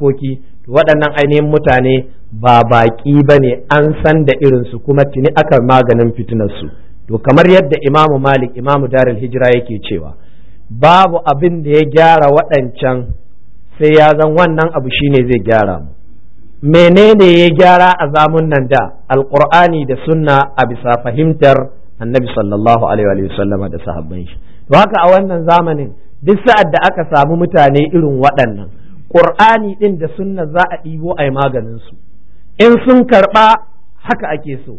koki waɗannan ainihin mutane ba baƙi ba ne an san da irinsu kuma tuni aka maganin fitinarsu to kamar yadda imamu malik imamu darul hijira yake cewa babu abin da ya gyara waɗancan sai ya zan wannan abu shine zai gyara mu menene ya gyara a zamun nan da alƙur'ani da sunna a bisa fahimtar annabi sallallahu alaihi wa sallam da sahabban to haka a wannan zamanin duk sa'ad da aka samu mutane irin waɗannan ƙur'ani ɗin da sunna za a ɗibo a yi maganin su in sun karɓa haka ake so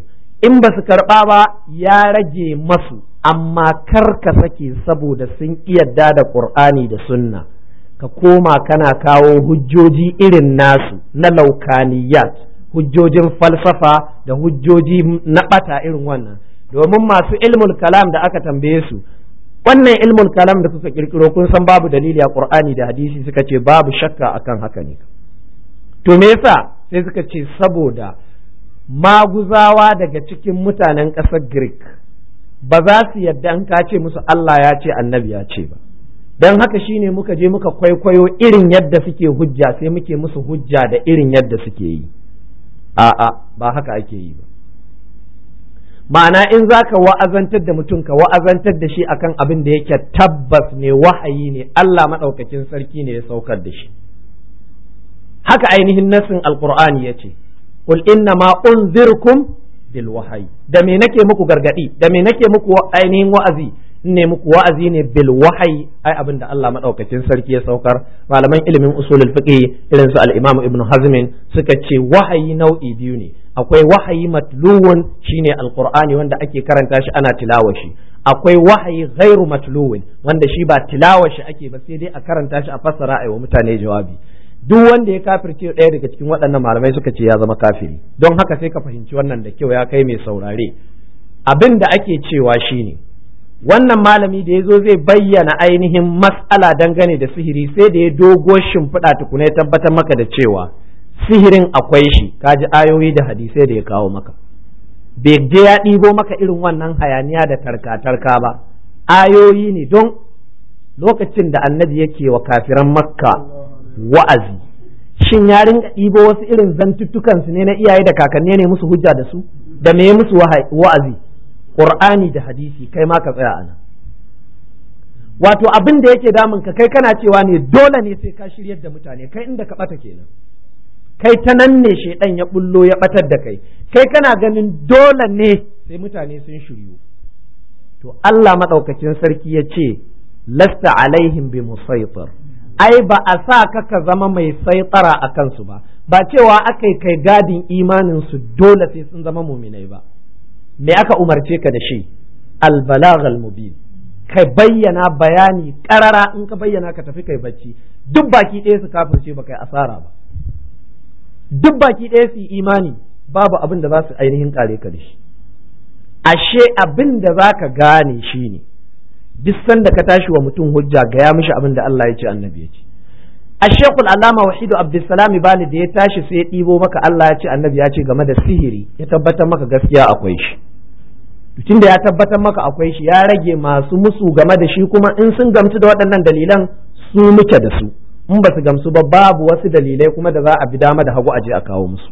in ba su karɓa ba ya rage masu amma kar ka sake saboda sun iyadda da ƙur'ani da sunna ka koma kana kawo hujjoji irin nasu na laukaniyat hujjojin falsafa da hujjoji na ɓata irin wannan domin masu ilmul kalam da aka tambaye su wannan ilmul kalam da suka kirkiro kun san babu dalili a qur'ani da hadisi suka ce babu shakka akan haka ne to me yasa sai suka ce saboda maguzawa daga cikin mutanen ƙasar greek ba za su yadda an ka ce musu Allah ya ce annabi ya ce ba don haka shine muka je muka kwaikwayo irin yadda suke hujja sai muke musu hujja da irin yadda suke yi a'a ba haka ake yi ba ma'ana in za ka wa'azantar da mutum ka wa'azantar da shi akan abin da yake tabbas ne wahayi ne Allah maɗaukakin sarki ne ya saukar da shi haka ainihin nassin alqur'ani ya ce qul inna ma unzirkum bil da me nake muku gargadi da me nake muku ainihin wa'azi ne muku wa'azi ne bil wahayi ai abin da Allah maɗaukakin sarki ya saukar malaman ilimin usulul fiqh irin su al-Imam Ibn Hazm suka ce wahayi nau'i biyu ne akwai wahayi matluwun shine alqur'ani wanda ake karanta shi ana tilawashi akwai wahayi ghairu matluwun wanda shi ba tilawashi ake ba sai dai a karanta shi a fassara ai wa mutane jawabi duk wanda ya kafirce ɗaya daga cikin waɗannan malamai suka ce ya zama kafiri don haka sai ka fahimci wannan da kyau ya kai mai saurare abin da ake cewa shine wannan malami da ya zo zai bayyana ainihin mas'ala dangane da sihiri sai da ya dogo shimfiɗa tukuna ya tabbatar maka da cewa sihirin akwai shi ka ji ayoyi da hadisai da ya kawo maka bai je ya ɗibo maka irin wannan hayaniya da tarka-tarka ba ayoyi ne don lokacin da annabi yake wa kafiran makka wa'azi shin ya ringa ɗibo wasu irin zantuttukansu ne na iyaye da kakanni ne musu hujja da su da me musu wa'azi qur'ani da hadisi kai ma ka tsaya ana wato abin da yake damun ka kai kana cewa ne dole ne sai ka shiryar da mutane kai inda ka bata kenan kai ta nan ne shaidan ya bullo ya batar da kai kai kana ganin dole ne sai mutane sun shiryu to Allah madaukakin sarki ya ce lasta alaihim bi musaitir ai ba a sa ka ka zama mai saitara a kansu ba ba cewa aka kai gadin imanin su dole sai sun zama muminai ba me aka umarce ka da shi al mubin ka bayyana bayani karara in ka bayyana ka tafi kai bacci duk baki ɗaya su kafirce ba kai asara ba duk baki ɗaya su imani babu abin da za su ainihin kare ka shi ashe abin da za ka gane shi ne duk sanda ka tashi wa mutum hujja gaya mishi abin da Allah ya ce annabi ya ce a shekul alama wahidu abdulsalam bani da ya tashi sai ya ɗibo maka Allah ya ce annabi ya ce game da sihiri ya tabbatar maka gaskiya akwai shi tun da ya tabbatar maka akwai shi ya rage masu musu game da shi kuma in sun gamtu da waɗannan dalilan su muke da su in ba su gamsu ba babu wasu dalilai kuma da za a bi dama da hagu a je a kawo musu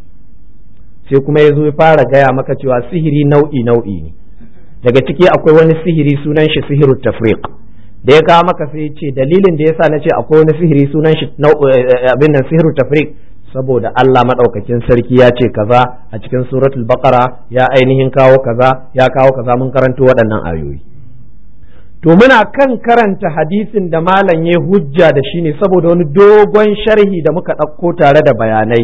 sai kuma ya zo ya fara gaya maka cewa sihiri nau'i nau'i ne daga ciki akwai wani sihiri sunan shi sihiru tafriq da ya kawo maka sai ce dalilin da yasa ce akwai wani sihiri sunan shi eh, eh, eh, abin nan sihiru tafriq saboda Allah madaukakin sarki ya ce kaza a cikin suratul baqara ya ainihin kawo kaza ya kawo kaza mun karanto waɗannan ayoyi to muna kan karanta hadisin da malam ya hujja da shi ne saboda wani dogon sharhi da muka ɗauko tare da bayanai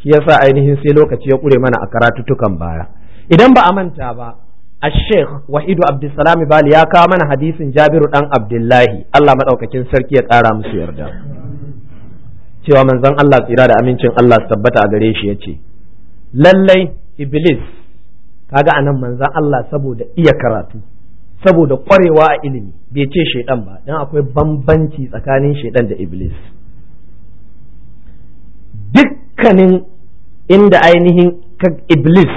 shi yasa ainihin sai lokaci ya ƙure mana a karatutukan baya idan ba a manta ba a sheikh wahidu abdulsalam bali ya kawo mana hadisin jabiru dan abdullahi allah maɗaukakin sarki ya ƙara musu yarda cewa manzon allah tsira da amincin allah su tabbata a gare shi ya ce lallai iblis kaga anan manzon allah saboda iya karatu saboda ƙwarewa a ilimi bai ce shaidan ba don akwai bambanci tsakanin shaidan da iblis dukkanin inda ainihin ka iblis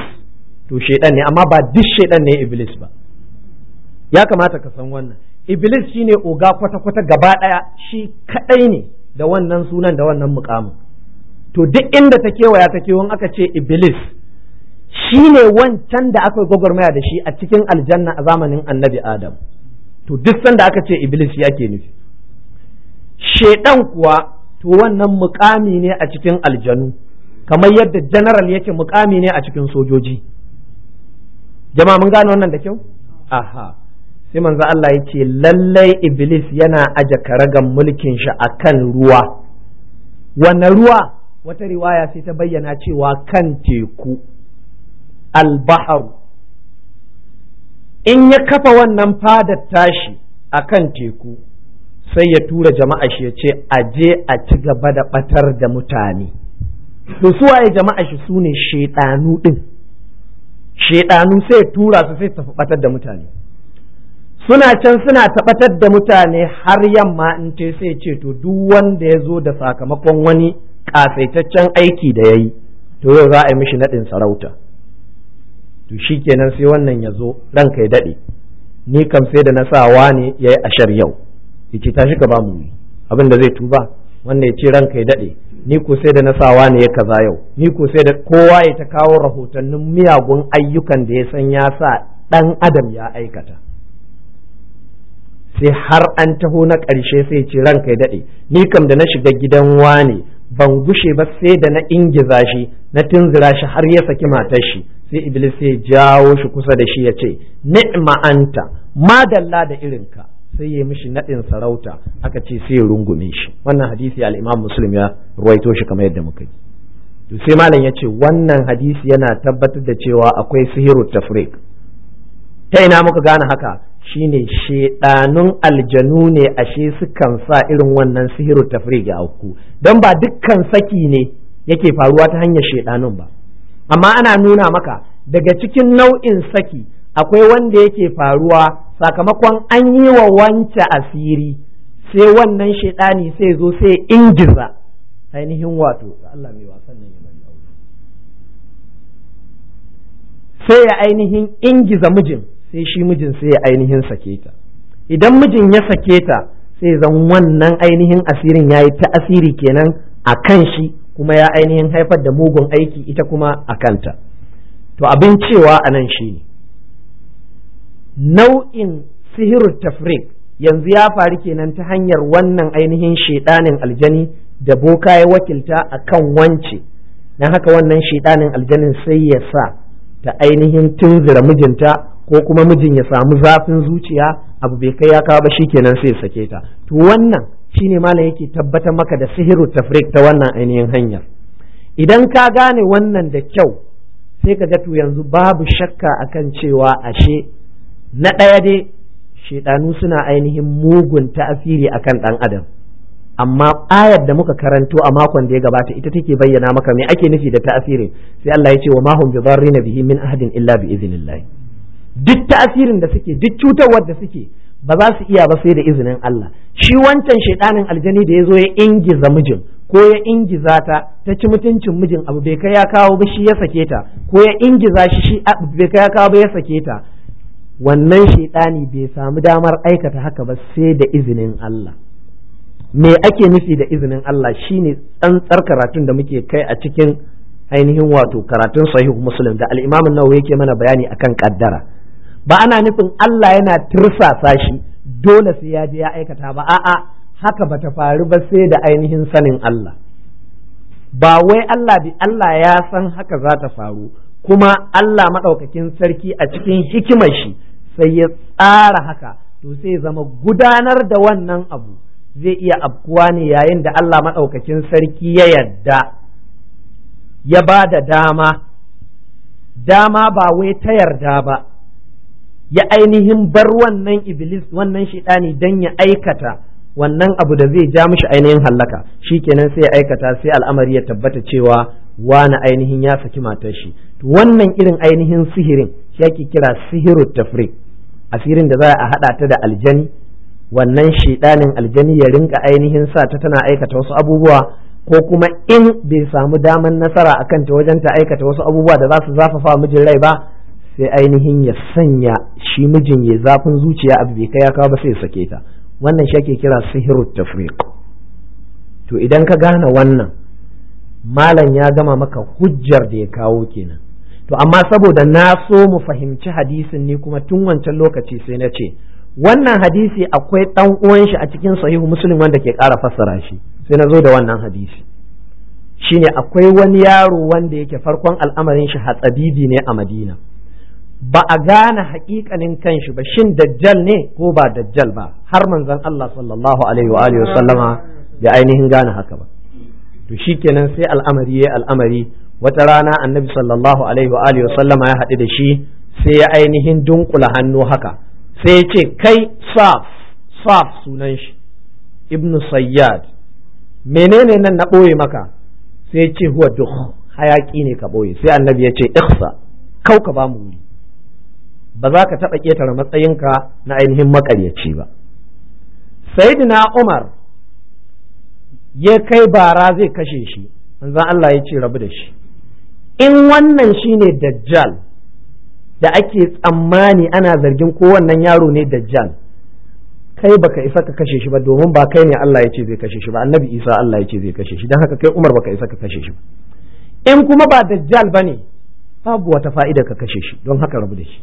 to shaidan ne amma ba duk shaidan ne iblis ba ya kamata ka san wannan iblis shine oga kwata-kwata gaba ɗaya shi kaɗai ne da wannan sunan da wannan mukamin to duk inda ta kewaya ta kewan aka ce iblis shi ne wancan da aka gwagwarmaya da shi a cikin aljanna a zamanin annabi adam to duk sanda aka ce iblis ya ke nufi shaidan kuwa to wannan mukami ne a cikin aljanu kamar yadda general yake mukami ne a cikin sojoji jama'a mun gane wannan da kyau aha sai manzo Allah yake lallai iblis yana aje karagan mulkin shi akan ruwa wannan ruwa wata riwaya sai ta bayyana cewa kan teku albaharu in ya kafa wannan fadar tashi a kan teku sai ya tura jama'a shi ya ce aje a ci gaba da batar da mutane to suwaye jama'a shi su ne shaidanu ɗin shaidanu sai ya tura su sai tafi batar da mutane suna can suna taɓatar da mutane har yamma in te sai ce to duk wanda ya zo da sakamakon wani ƙasaitaccen aiki da ya yi to yau za a yi mishi naɗin sarauta to shi kenan sai wannan ya zo ranka ya daɗe ni kam sai da na sa ne ya yi ashar yau ya ce tashi ka ba mu yi abin da zai tuba wanda ya ce ranka ya daɗe ni ko sai da na sa ne ya kaza yau ni ko sai da kowa ya ta kawo rahotannin miyagun ayyukan da ya san ya sa ɗan adam ya aikata sai har an taho na ƙarshe sai ce ranka ya daɗe ni kam da na shiga gidan wane ban gushe ba sai da na ingiza shi na tunzura shi har ya saki matar shi sai iblis ya jawo shi kusa da shi ya ce ni'ma anta madalla da irinka sai ya mishi nadin sarauta aka ce sai ya rungume shi wannan hadisi al-imam muslim ya ruwaito shi kamar yadda muka yi to sai malam ya ce wannan hadisi yana tabbatar da cewa akwai sihiru tafriq ta ina muka gane haka shine shedanun aljanu ne ashe sukan sa irin wannan sihiru tafriq ya auku don ba dukkan saki ne yake faruwa ta hanyar shedanun ba amma ana nuna maka daga cikin nau'in saki akwai wanda yake faruwa sakamakon an yi wa wance asiri sai wannan shaidani sai zo sai ingiza ainihin wato Allah mai wasan nan ya sai ya ainihin ingiza mijin sai shi mijin sai ya ainihin sake ta idan mijin ya sake ta sai zan wannan ainihin asirin ya yi ta asiri kenan a kan shi kuma ya ainihin haifar da mugun aiki ita kuma a kanta to abin cewa a nan shi nau'in sihiru tafrik yanzu ya faru kenan ta hanyar wannan ainihin shaidanin aljani da boka ya wakilta a kan wance na haka wannan shaidanin aljanin sai ya sa ta ainihin tunzira mijinta ko kuma mijin ya samu zafin zuciya abu bai kai ya kawo ba shi kenan sai ya sake ta to wannan shine malam yake tabbatar maka da sihiru tafrik ta wannan ainihin hanyar idan ka gane wannan da kyau sai ka ga to yanzu babu shakka akan cewa ashe na ɗaya dai shaidanu suna ainihin mugun ta'asiri akan ɗan adam amma ayar da muka karanto a makon da ya gabata ita take bayyana maka me ake nufi da ta'asirin sai Allah ya ce wa mahum bi dharrina bihi min ahadin illa bi idhnillah duk ta'asirin da suke duk cutarwar da suke ba za su iya ba sai da izinin Allah shi wancan shaidanin aljani da ya zo ya ingiza mijin ko ya ingiza ta ta ci mutuncin mijin abu bai kai ya kawo ba shi ya sake ta ko ya ingiza shi shi abu bai kai ya kawo ba ya sake ta wannan shaidani bai samu damar aikata haka ba sai da izinin Allah me ake nufi da izinin Allah shine tsantsar karatun da muke kai a cikin ainihin wato karatun sahihu muslim da al-imam an-nawawi yake mana bayani akan kaddara ba ana nufin Allah yana tirsasa shi dole sai ya je ya aikata ba a'a haka ba ta faru ba sai da ainihin sanin Allah ba wai Allah bi Allah ya san haka za ta faru kuma Allah maɗaukakin sarki a cikin hikimar shi sai ya tsara haka to sai zama gudanar da wannan abu zai iya abkuwa ne yayin da Allah maɗaukakin sarki ya yarda ya ba da dama dama ba wai ta yarda ba ya ainihin bar wannan iblis wannan shidani dan ya aikata wannan abu da zai ja mishi ainihin hallaka kenan sai ya aikata sai al'amari ya tabbata cewa wani ainihin ya saki matar shi wannan irin ainihin sihirin shi ake kira sihiru tafrik asirin da za a haɗa ta da aljani wannan shidanin aljani ya rinka ainihin sa ta tana aikata wasu abubuwa ko kuma in bai samu damar nasara akan ta wajen ta aikata wasu abubuwa da za su zafafa mijin rai ba sai ainihin ya sanya shi mijin ya zafin zuciya abu bai kai ya kawo ba sai ya sake ta wannan shi ake kira sihiru tafriq to idan ka gane wannan malam ya gama maka hujjar da ya kawo kenan to amma saboda na so mu fahimci hadisin ne kuma tun wancan lokaci sai na ce wannan hadisi akwai dan uwan shi a cikin sahihu muslim wanda ke kara fassara shi sai na zo da wannan hadisi shine akwai wani yaro wanda yake farkon al'amarin shi hatsabibi ne a madina ba a gane hakikanin kanshi ba shin dajjal ne ko ba dajjal ba har manzon Allah sallallahu alaihi wa sallama ya ainihin gane haka ba to shikenan sai al'amari ya al'amari wata rana annabi sallallahu alaihi wa sallama ya haɗu da shi sai ya ainihin dunkula hannu haka sai ya ce kai saf saf sunan shi ibnu sayyad menene nan na ɓoye maka sai ya ce huwa duk hayaƙi ne ka ɓoye sai annabi ya ce ihsa kau ka ba mu wuri ba za ka taɓa ƙetare matsayinka na ainihin maƙaryaci ba sayyidina umar ya kai bara zai kashe shi manzon Allah ya ce rabu da shi in wannan shi ne dajjal da ake tsammani ana zargin kowannan yaro ne dajjal kai baka isa ka kashe shi ba domin ba kai ne Allah ya ce zai kashe shi ba annabi Isa Allah ya ce zai kashe shi don haka kai Umar baka isa ka kashe shi ba in kuma ba dajjal ne, babu wata fa'ida ka kashe shi don haka rabu da shi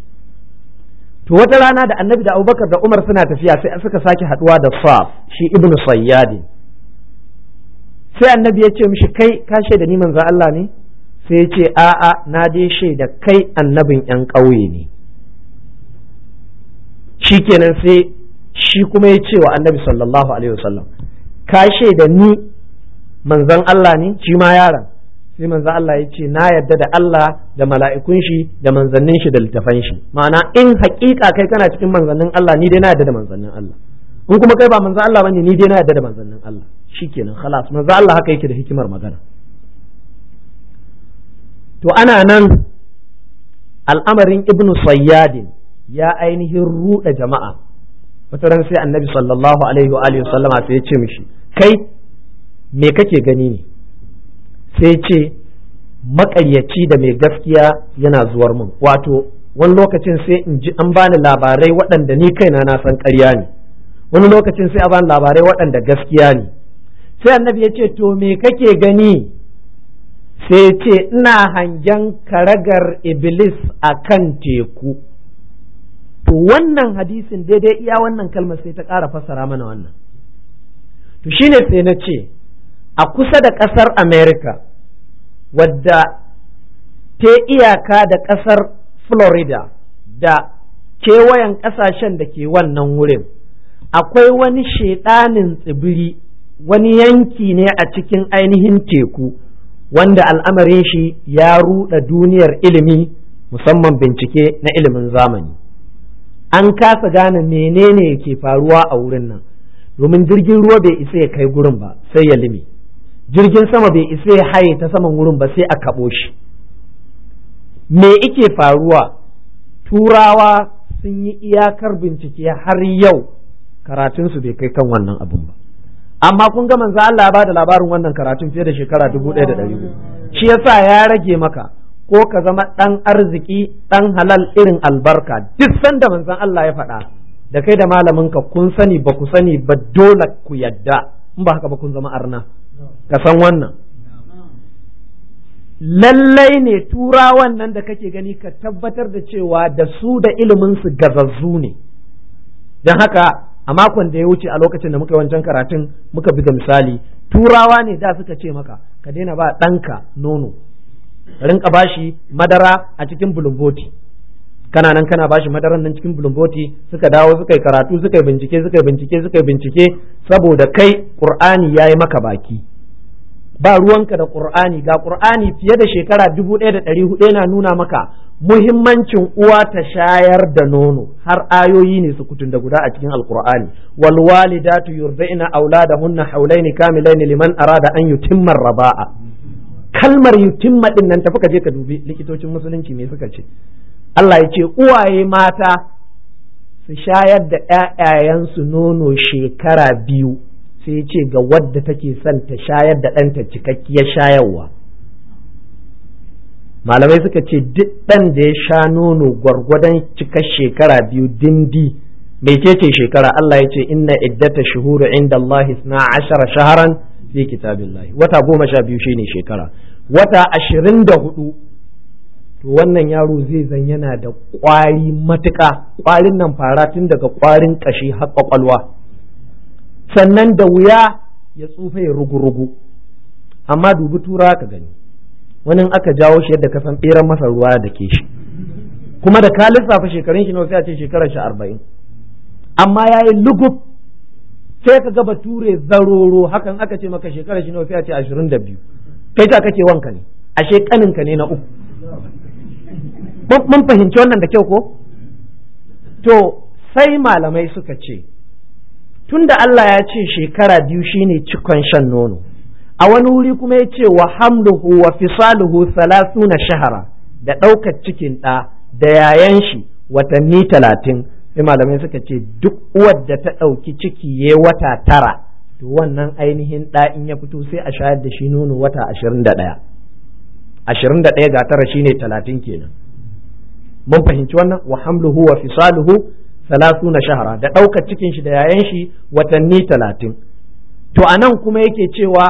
to wata rana da annabi da abubakar da umar suna tafiya sai suka sake haduwa da saf shi ibnu sayyadi sai annabi ya ce mishi kai ka shaida ni manzo Allah ne sai ya ce a'a na dai shaida kai annabin yan ƙauye ne shikenan sai shi kuma ya ce wa annabi sallallahu alaihi wasallam ka shaida ni manzon Allah ne shi ma yaron sai manzo Allah ya ce na yadda da Allah da mala'ikun shi da manzannin shi da littafan shi ma'ana in haƙiƙa kai kana cikin manzannin Allah ni dai na yadda da manzannin Allah in kuma kai ba manzo Allah bane ni dai na yadda da manzannin Allah shikenan khalas manzo Allah haka yake da hikimar magana to ana nan al'amarin ibn sayyad ya ainihin ruɗa jama'a wata ran sai annabi sallallahu alaihi wa wasallama sai ya ce mishi kai me kake gani ne sai ce maƙaryaci da mai gaskiya yana zuwar mun wato wani lokacin sai in ji an bani labarai waɗanda ni kaina na san ƙarya ne wani lokacin sai a bani labarai waɗanda gaskiya ne sai annabi ya ce to me kake gani sai ce ina hangen karagar iblis a kan teku to wannan hadisin daidai iya wannan kalmar sai ta ƙara fasara mana wannan to shine sai na ce a kusa da ƙasar Amerika, wadda ta iyaka da ƙasar Florida da kewayen ƙasashen da ke wannan wurin akwai wani shaiɗanin tsibiri wani yanki ne a cikin ainihin teku wanda al'amarin shi ya ruɗa duniyar ilimi musamman bincike na ilimin zamani an kasa gane menene ke faruwa a wurin nan domin jirgin ruwa bai isa ya kai gurin ba sai ya limi jirgin sama bai isa ya haye ta saman wurin ba sai a kaɓo shi me ike faruwa turawa sun yi iyakar bincike har yau karatunsu bai kai kan wannan abin ba amma kun ga manzo Allah ba da labarin wannan karatun fiye da shekara dubu ɗaya da ɗari shi yasa ya rage maka ko ka zama ɗan arziki ɗan halal irin albarka duk sanda manzon Allah ya faɗa da kai da malamin ka kun sani ba ku sani ba dole ku yadda in ba haka ba kun zama arna ka san wannan lallai ne turawan nan da kake gani ka tabbatar da cewa da su da iliminsu gazazzu ne don haka a makon da ya wuce a lokacin da muka wancan karatun muka bi ga misali turawa ne da suka ce maka ka daina ba ɗanka nono rinka bashi madara a cikin bulumboti kana nan kana bashi madaran nan cikin bulumboti suka dawo suka yi karatu suka yi bincike suka yi bincike suka yi bincike saboda kai qur'ani yayi maka baki ba ruwanka da qur'ani ga qur'ani fiye da shekara dubu ɗaya da ɗari hudu yana nuna maka muhimmancin uwa ta shayar da nono har ayoyi ne su kutun da guda a cikin alqur'ani wal walidatu yurdina auladahunna hawlaini kamilain liman arada an yutimma raba'a kalmar yutimma din nan tafi ka je ka dubi likitocin musulunci me suka ce Allah ya ce uwaye mata su shayar da ‘ya'yayensu nono shekara biyu sai ce ga wadda take son ta shayar da ɗanta cikakkiyar shayarwa malamai suka ce duk ɗan da ya sha nono gwargwadon cika shekara biyu dindi ke ce shekara Allah ya ce inna iddata shuhuru inda Allah na ashara shaharan fi kitabillahi wata goma sha biyu shine shekara wata ashirin da hudu to wannan yaro zai zan yana da ƙwari matuka, ƙwarin nan fara tun daga ƙwarin ƙashi har ƙwaƙwalwa sannan da wuya ya tsufa ya rugu-rugu amma dubi tura ka gani wani aka jawo shi yadda ka san ɓeran masa ruwa da ke shi kuma da ka lissafa shekarun shi na sai a ce shekarar shi arba'in amma ya yi lugub sai ka gaba ture zaroro hakan aka ce maka shekarar shi na sai a ce ashirin da biyu kai ta kake wanka ne ashe kaninka ne na uku mun fahimci wannan da kyau ko to sai malamai suka ce tunda Allah ya ce shekara biyu shine cikon shan nono a wani wuri kuma ya ce wa hamluhu wa fisaluhu na shahara da ɗaukar cikin ɗa da yayan shi watanni talatin sai malamai suka ce duk wadda ta ɗauki ciki ya wata tara to wannan ainihin ɗa in ya fito sai a shayar da shi nono wata ashirin da ɗaya ashirin da ɗaya ga tara shine talatin kenan mun fahimci wannan wa hamluhu wa fisaluhu na shahara da ɗaukar cikin shi da yayan shi watanni talatin to anan kuma yake cewa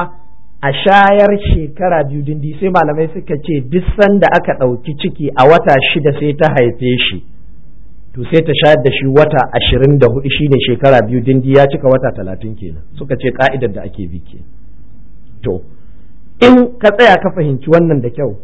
a shayar shekara biyu dindi sai malamai suka ce duk sanda aka ɗauki ciki a wata shida sai ta haife shi to sai ta shayar da shi wata ashirin da hudu shine shekara biyu dindi ya cika wata talatin kenan suka ce ka'idar da ake bi ke to in ka tsaya ka fahimci wannan da kyau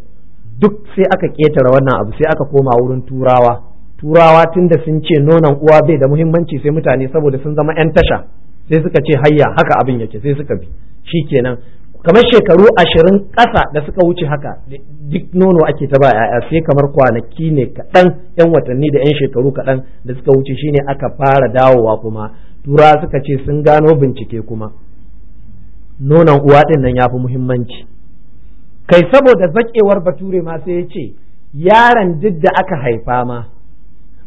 duk sai aka ƙetare wannan abu sai aka koma wurin turawa turawa tunda sun ce nonon uwa bai da muhimmanci sai mutane saboda sun zama 'yan tasha sai suka ce hayya haka abin yake sai suka bi shi kenan kamar shekaru ashirin ƙasa da suka wuce haka duk nono ake ta ba ya'ya sai kamar kwanaki ne kaɗan 'yan watanni da 'yan shekaru kaɗan da suka wuce shine aka fara dawowa kuma tura suka ce sun gano bincike kuma nonon uwa ɗin nan ya fi muhimmanci kai saboda zaƙewar bature ma sai ya ce yaron duk da aka haifa ma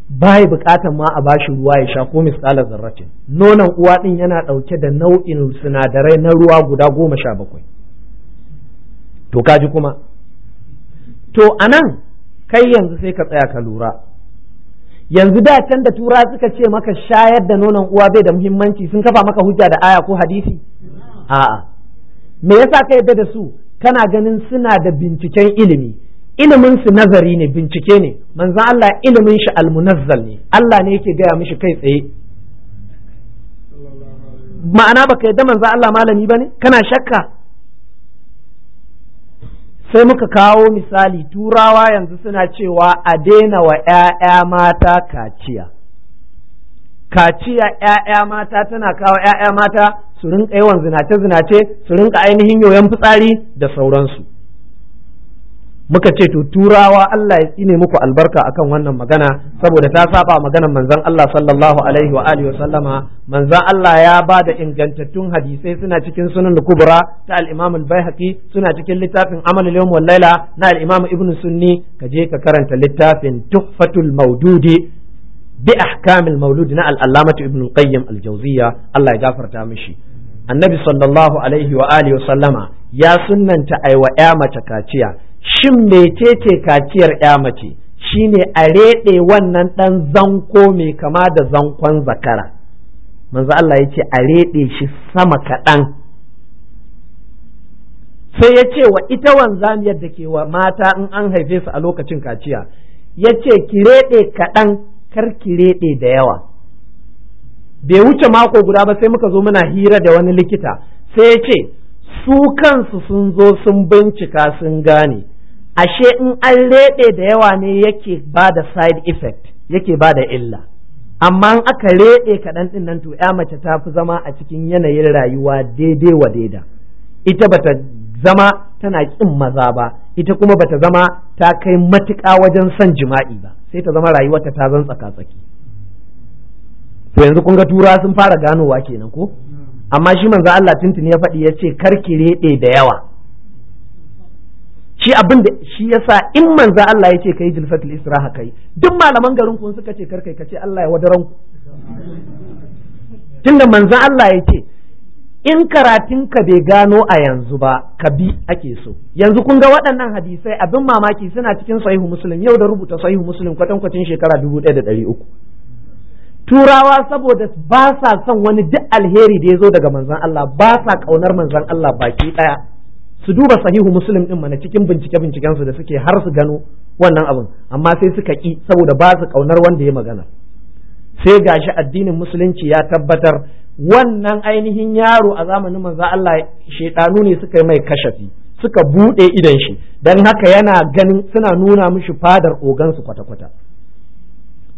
bai bukatan ma a bashi ruwa ya sha ko misalar zarratin nonon uwa din yana ɗauke da nau'in sinadarai na ruwa guda goma sha bakwai to kaji kuma to anan kai yanzu sai ka tsaya ka lura yanzu da can da tura suka ce maka shayar da nonon uwa bai da muhimmanci sun kafa maka hujja da aya ko hadisi a'a me yasa ka yadda da su kana ganin suna da binciken ilimi ilimin su nazari ne bincike ne manzan Allah ilimin shi almunazzal ne Allah ne yake gaya mishi kai tsaye ma'ana baka yadda manzan Allah malami ba ne, kana shakka sai muka kawo misali turawa yanzu suna cewa a daina wa 'ya'ya mata kaciya kaciya 'ya'ya mata tana kawo 'ya'ya mata su rinka yawan zinace zinace su rinka ainihin yoyon fitsari da sauransu muka ce to turawa Allah ya tsine muku albarka akan wannan magana saboda ta saba maganar manzon Allah sallallahu alaihi wa alihi sallama manzon Allah ya ba da ingantattun hadisai suna cikin sunan kubra ta al-Imam al-Baihaqi suna cikin littafin Amal al-Yawm wal Laila na al-Imam Ibn Sunni ka je ka karanta littafin Tuhfatul Mawdudi bi ahkamil mawlud na al-Allamah Ibn Qayyim al-Jawziyya Allah ya gafarta mishi annabi sallallahu alaihi wa alihi sallama ya sunnanta aiwa ya mace kaciya shin metete kaciyar ya mace shine a reɗe wannan ɗan zanko mai kama da zankon zakara manzo Allah ya ce a reɗe shi sama kaɗan sai ya ce wa ita wanzamiyar da ke wa mata in an haife su a lokacin kaciya ya ce ki reɗe kaɗan kar ki reɗe da yawa bai wuce mako guda ba sai muka zo muna hira da wani likita sai ya ce su kansu sun zo sun bincika sun gane ashe in an leɗe da yawa ne yake ba da side effect yake ba da illa amma in aka reɗe kaɗan ɗin nan to ya mace ta fi zama a cikin yanayin rayuwa daidai wa daida ita bata zama tana ƙin maza ba ita kuma bata zama ta kai matuƙa wajen son jima'i ba sai ta zama rayuwarta ta zan tsaka-tsaki to yanzu kun ga turawa sun fara ganowa kenan ko amma shi manzo Allah tuntuni ya faɗi ya ce karki reɗe da yawa shi abin da shi yasa in manzo Allah ya ce kai jilfatul israha kai duk malaman garin kun suka ce karkai kace Allah ya wadaran ku tunda manzo Allah ya ce in karatun ka bai gano a yanzu ba ka bi ake so yanzu kun ga waɗannan hadisai abin mamaki suna cikin sahihu muslim yau da rubuta sahihu muslim kwatankwacin shekara dubu ɗaya da ɗari uku turawa saboda ba sa son wani duk alheri da ya zo daga manzan Allah ba sa kaunar manzan Allah baki ɗaya, su duba sahihu muslim din mana cikin bincike binciken su da suke har su gano wannan abin amma sai suka ki saboda ba su kaunar wanda ya magana sai gashi addinin musulunci ya tabbatar wannan ainihin yaro a zamanin manzan Allah shedanu ne suka yi mai kashafi suka buɗe idon shi dan haka yana ganin suna nuna mishi fadar ogansu kwata-kwata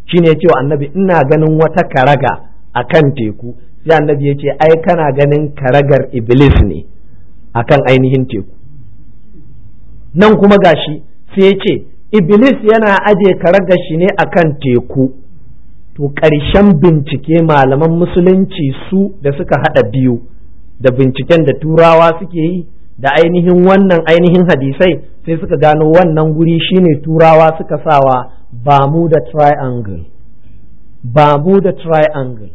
shine ya ce wa annabi ina ganin wata karaga a kan teku sai annabi ya ce ai kana ganin karagar iblis ne a kan ainihin teku nan kuma gashi sai ya ce iblis yana aje karagar shi ne a kan teku to ƙarshen bincike malaman musulunci su da suka haɗa biyu da binciken da turawa suke yi da ainihin wannan ainihin hadisai sai suka gano wannan guri shine turawa suka sawa da Triangle da Triangle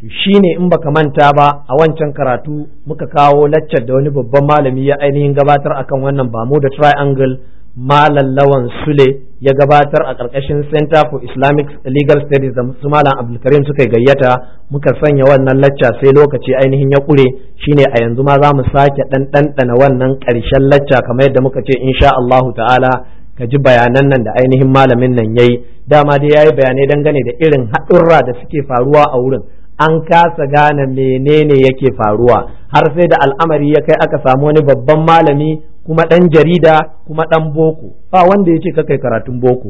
to shine in baka manta ba a wancan karatu muka kawo laccar da wani babban malami ya ainihin gabatar akan wannan da Triangle Malam Lawan Sule ya gabatar a ƙarƙashin Center for Islamic Legal Studies da su Malam Abdulkarim suka gayyata muka sanya wannan lacca sai lokaci ainihin ya kure shine a yanzu ma za mu sake ɗan ɗanɗana wannan ƙarshen lacca kamar yadda muka ce insha Allahu ta'ala ka ji bayanan nan da ainihin malamin nan yayi dama dai yayi bayanai dangane da irin haɗurra da suke faruwa a wurin an kasa gane menene yake faruwa har sai da al'amari ya kai aka samu wani babban malami kuma ɗan jarida kuma ɗan boko ba wanda ya ce ka kai karatun boko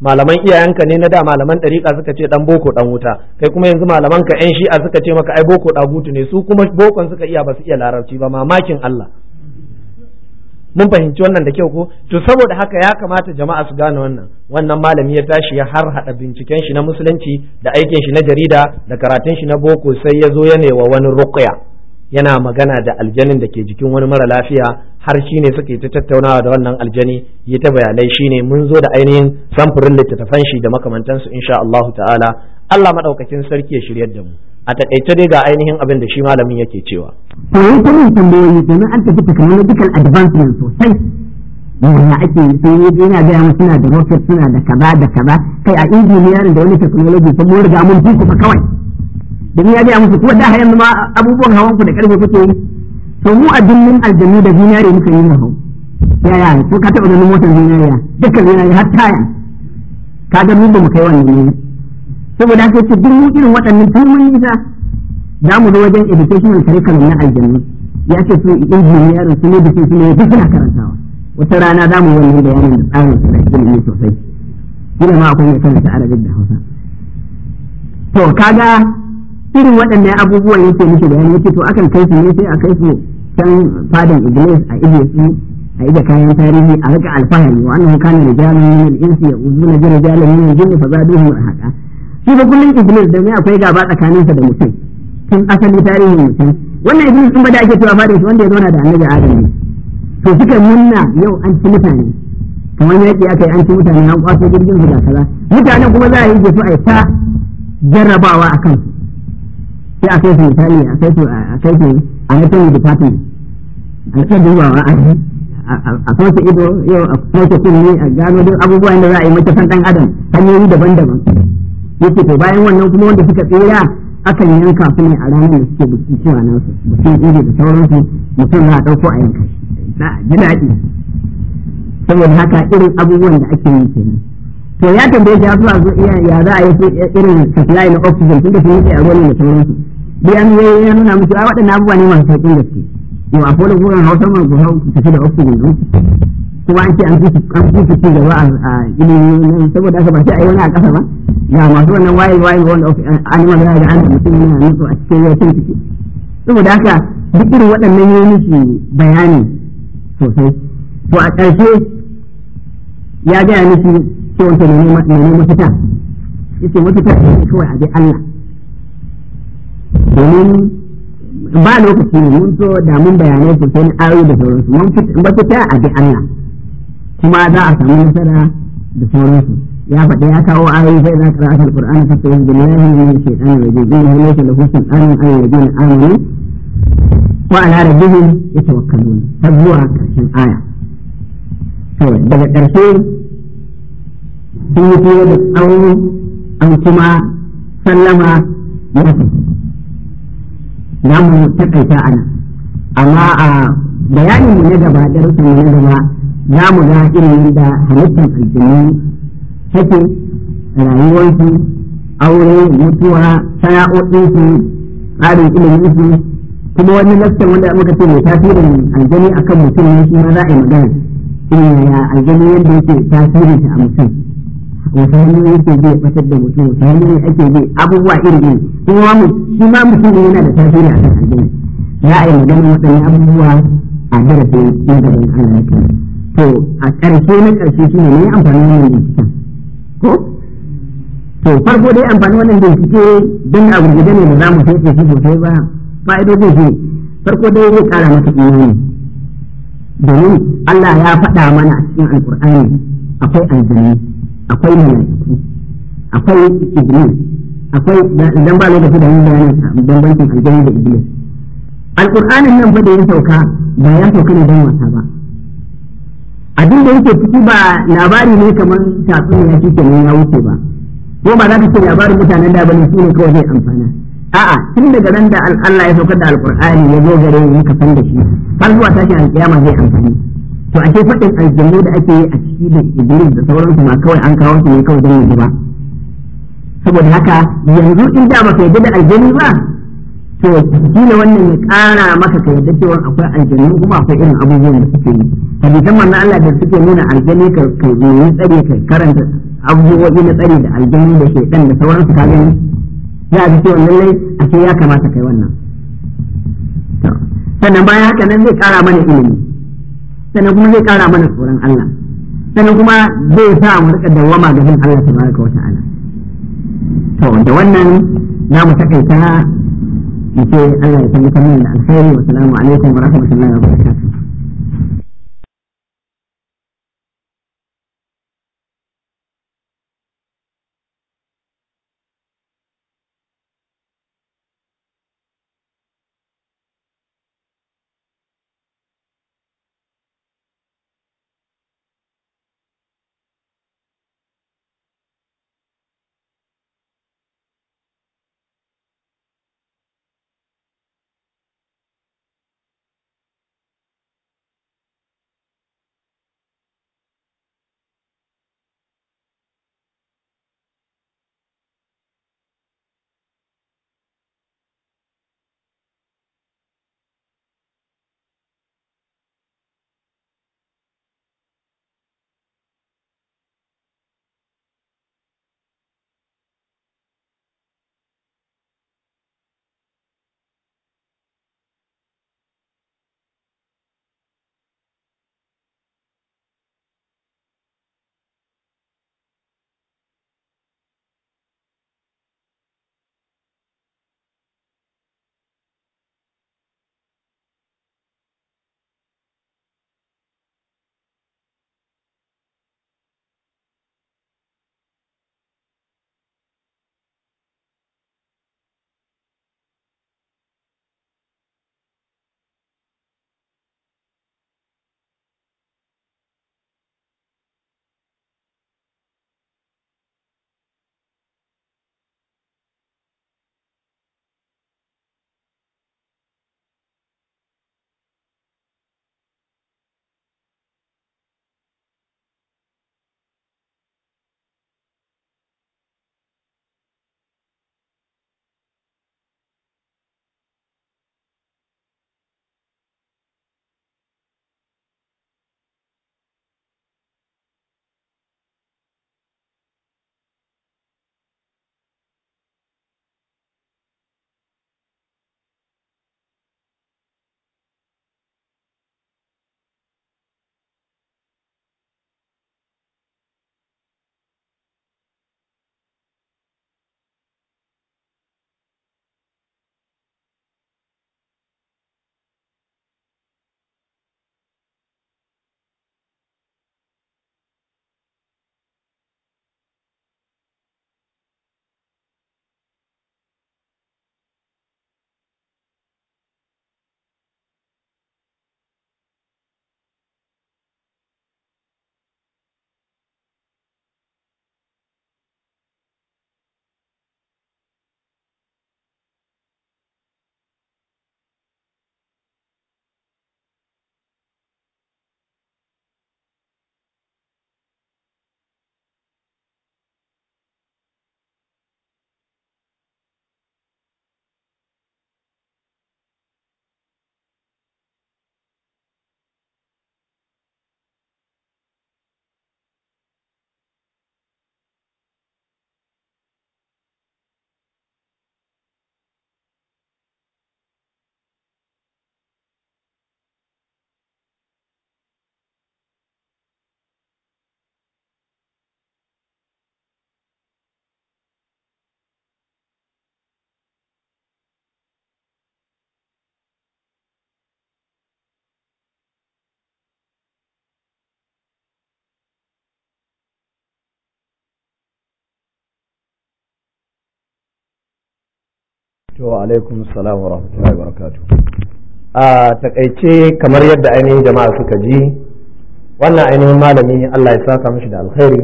malaman iyayenka ne na da malaman ɗariƙa suka ce ɗan boko ɗan wuta kai kuma yanzu malaman ka yan shi'a suka ce maka ai boko ɗagutu ne su kuma bokon suka iya ba su iya larabci ba mamakin Allah mun fahimci wannan da kyau ko to saboda haka ya kamata jama'a su gane wannan wannan malami ya tashi ya har hada binciken shi na musulunci da aikin shi na jarida da karatun shi na boko sai ya zo ya newa wani ruqya yana magana da aljanin da ke jikin wani mara lafiya har shi ne suka yi ta tattaunawa da wannan aljani yi ta bayanai shi ne mun zo da ainihin samfurin littattafan shi da makamantansu insha Allahu ta'ala Allah madaukakin sarki ya shiryar da mu a takaice dai ga ainihin abin da shi malamin yake cewa to yi nan tambayoyi domin an tafi technological advancement sosai Yana ake yi sun yi yana gaya mu suna da rocket suna da kaza da kaza kai a injiniyarin da wani technology sun mu riga mun fi kuma kawai domin ya gaya musu kuma da hayan ma abubuwan hawan ku da karfe kuke yi to mu a dunnin aljanu da zinare muka yi na hau yaya ko ka taɓa ganin motar zinariya dukkan zinariya har taya ka ga mu ba mu kai wannan ne saboda haka ce duk irin waɗannan tun mun za mu zo wajen educational curriculum na aljanna ya ce su injiniyarin su ne da su ne duk suna karantawa wata rana za mu wani da yanayin da tsarin su da ilimi sosai ina ma akwai ya karanta arabin da hausa to kaga irin waɗannan abubuwan yake muke bayani yake to akan kai su ne sai a kai su can fadin iblis a ibe su a ida kayan tarihi a rika alfahari wa annahu kana rijalun min al-insi ya'uduna bi rijalin min al-jinni fazaduhum haqa shi ba kullum iblis da mai akwai gaba tsakaninsa da mutum tun asali tarihin mutum wannan iblis din ba da ake cewa fadin shi wanda ya zauna da annabi adam ne to suka munna yau an ci mutane kamar yaki aka yi an ci mutane an kwaso jirgin su da kaza mutanen kuma za a yi su a yi ta jarrabawa a kan sai a kai su misali a kai su a kai su a mutum department a kai dubawa a yi a kwanci ido yau a kwanci kunne a gano duk abubuwan da za a yi mace san dan adam hanyoyi daban-daban yake to bayan wannan kuma wanda suka tsira akan yanka su ne a ranar da suke bukukuwa na su bikin iri da sauransu mutum na ɗauko a yanka na ji saboda haka irin abubuwan da ake yi kenan to ya tambaye shi ya zuwa ya za a yi irin supply na oxygen tun da sun yi a ruwan da sauransu bayan ya nuna musu a waɗannan abubuwa ne masu sauƙin gaske yau a kowane gurin hausa ma ku tafi da oxygen su kuma an ce an fi an fi ci gaba a ilimi saboda haka ba sai ai wani a kasa ba ga masu wannan wayi waye wanda animal rights da an mutum yana nufin a cikin yakin ciki saboda haka duk irin waɗannan yi miki bayani sosai to a ƙarshe ya gaya miki ce wanda ne ne mafita ita mafita ne kawai a bi Allah domin ba lokaci ne mun so da mun bayanai sosai na ayoyi da sauransu mun fita a bi Allah kuma za a samu nasara da sauransu ya faɗi ya kawo ayoyi fa idza qara'at al-qur'ana fasta'in billahi min shaytanir rajim innahu laysa lahu shay'un an yadina amanu wa ala rabbihim yatawakkalun ta zuwa karshen aya to daga ƙarshe sun yi fiye da tsawo an kuma sallama ya fi za mu taƙaita ana amma a bayanin mu na gaba darasin mu na gaba za mu ga irin da halittar aljanu take rayuwarsu aure mutuwa sana'o'insu tsarin iliminsu kuma wani lakcin wanda muka ce mai tasirin aljani akan mutum ne shi ma za a yi magana shi ne ya aljini yadda yake tasirin shi a mutum wasu hanyoyi yake zai fasar da mutum wasu hanyoyi ake zai abubuwa iri ne kuma shi ma mutum ne yana da tasiri kan aljani za a yi magana waɗannan abubuwa a darasin na gaban Allah to a ƙarshe na ƙarshe shi ne mai amfani wannan binciken ko to farko dai amfani wannan bincike don a gurguje ne da za mu sai shi sosai ba zai shi farko dai zai ƙara masa imani domin Allah ya faɗa mana a cikin alƙur'ani akwai aljanni akwai mala'iku akwai iblis akwai idan ba lokaci da yin bayanin bambancin aljanni da iblis alƙur'anin nan fa da yin sauka ba ya sauka ne don wasa ba abin da yake ciki ba labari ne kamar tatsuniya ya shi ne ya wuce ba ko ba za ka ce labarin mutanen da bane su ne kawai zai amfana a'a tun daga nan da Allah ya saukar da alqur'ani ya zo gare ni ka san da shi har zuwa tashin alkiyama zai amfani to ake faɗin aljannu da ake yi a ciki da iblis da sauransu ma kawai an kawo su ne kawai don yanzu ba saboda haka yanzu in da ba ka yadda da aljannu ba to kila wannan ya kara maka ka yadda cewa akwai aljannu kuma akwai irin abubuwan da suke yi hadisan manzon Allah da suke nuna aljanni ka ka yi tsare ka karanta abubuwa na tsare da aljanni da shedan da sauransu ka gani za a cewa lallai a ce ya kamata kai wannan sannan bayan haka nan zai kara mana ilimi sannan kuma zai kara mana tsoron Allah sannan kuma zai sa mu rika dawama ga bin Allah tabaraka wa ta'ala to da wannan na mu takaita mutum ana ya san musamman da alkhairi wa salamu alaikum wa a wa to alaikum salam wa rahmatullahi wa a takaice kamar yadda ainihin jama'a suka ji wannan ainihin malami Allah ya saka mishi da alkhairi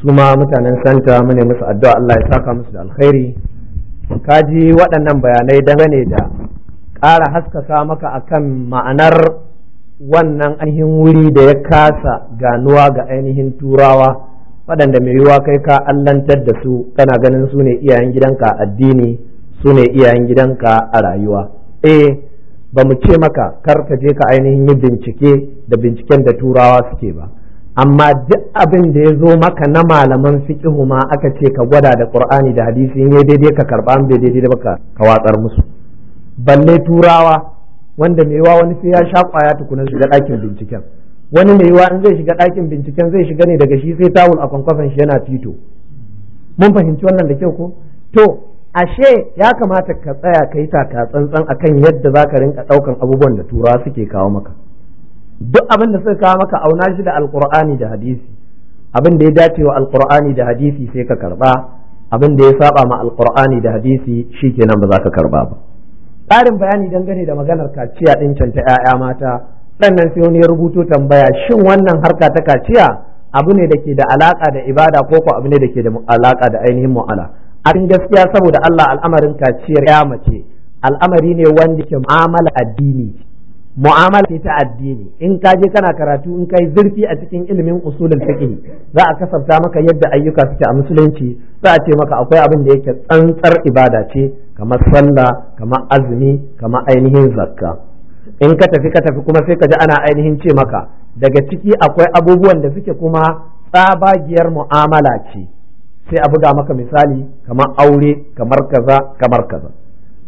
su ma mutanen santa mune musu addu'a Allah ya saka musu da alkhairi ka ji waɗannan bayanai dangane da ƙara haskaka maka akan ma'anar wannan ainihin wuri da ya kasa ganuwa ga ainihin turawa waɗanda mai yiwuwa kai ka allantar da su kana ganin su ne iyayen gidanka addini su ne iyayen gidanka a rayuwa eh ba mu ce maka kar ka je ka ainihin yin bincike da binciken da turawa suke ba amma duk abin da ya zo maka na malaman fiqihu ma aka ce ka gwada da qur'ani da hadisi ne daidai ka karba an bai daidai baka ka watsar musu balle turawa wanda mai yiwa wani sai ya sha kwaya tukuna shiga ɗakin binciken wani mai yiwa in zai shiga ɗakin binciken zai shiga ne daga shi sai tawul a kwankwason shi yana fito mun fahimci wannan da kyau ko to ashe ya kamata ka tsaya ka yi taka tsantsan a kan yadda za ka rinka ɗaukan abubuwan da turawa suke kawo maka duk abin da suka kawo maka auna shi da alƙur'ani da hadisi abin da ya dace wa alkur'ani da hadisi sai ka karba abin da ya saba ma alƙur'ani da hadisi shi kenan ba za ka karba ba ƙarin bayani dangane da maganar kaciya ɗin can ta 'ya'ya mata sannan sai wani ya rubuto tambaya shin wannan harka ta kaciya abu ne da ke da alaƙa da ibada ko ko abu ne da ke da alaƙa da ainihin mu'ala abin gaskiya saboda Allah al'amarin kaciyar ya mace al'amari ne wanda ke mu'amala addini mu'amala ce ta addini in ka je kana karatu in kai zurfi a cikin ilimin usulin fiqh za a kasafta maka yadda ayyuka suke a musulunci za a ce maka akwai abin da yake tsantsar ibada ce kamar sallah kamar azumi kamar ainihin zakka in ka tafi ka tafi kuma sai ka ji ana ainihin ce maka daga ciki akwai abubuwan da suke kuma tsabagiyar mu'amala ce sai a buga maka misali kamar aure kamar kaza kamar kaza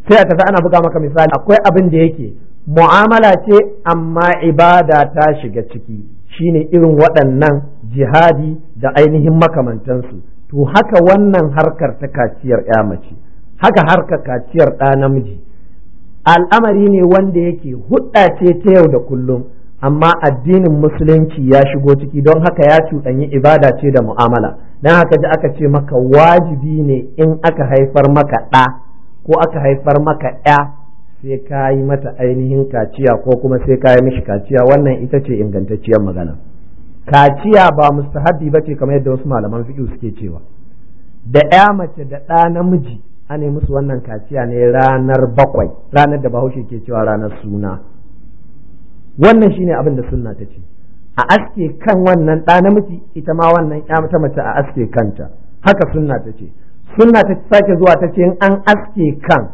sai a kaza ana buga maka misali akwai abin da yake mu'amala ce amma ibada ta shiga ciki shine irin waɗannan jihadi da ainihin makamantansu to haka wannan harkar ta kaciyar ya mace haka harkar kaciyar ɗa namiji al'amari ne wanda yake hudda ce ta yau da kullum amma addinin musulunci ya shigo ciki don haka ya cuɗanyi ibada ce da mu'amala don haka ji aka ce maka wajibi ne in aka haifar maka ɗa ko aka haifar maka ya sai ka yi mata ainihin kaciya ko kuma sai ka yi mishi kaciya wannan ita ce ingantacciyar magana kaciya ba mustahabi ba ce kamar yadda wasu malaman fiƙi suke cewa da ya mace da ɗa namiji ana musu wannan kaciya ne ranar bakwai ranar da bahaushe ke cewa ranar suna wannan shine abin da sunna ta ce a aske kan wannan ɗa namiji ita ma wannan ya ta mace a aske kanta haka sunna ta ce sunna ta sake zuwa ta ce an aske kan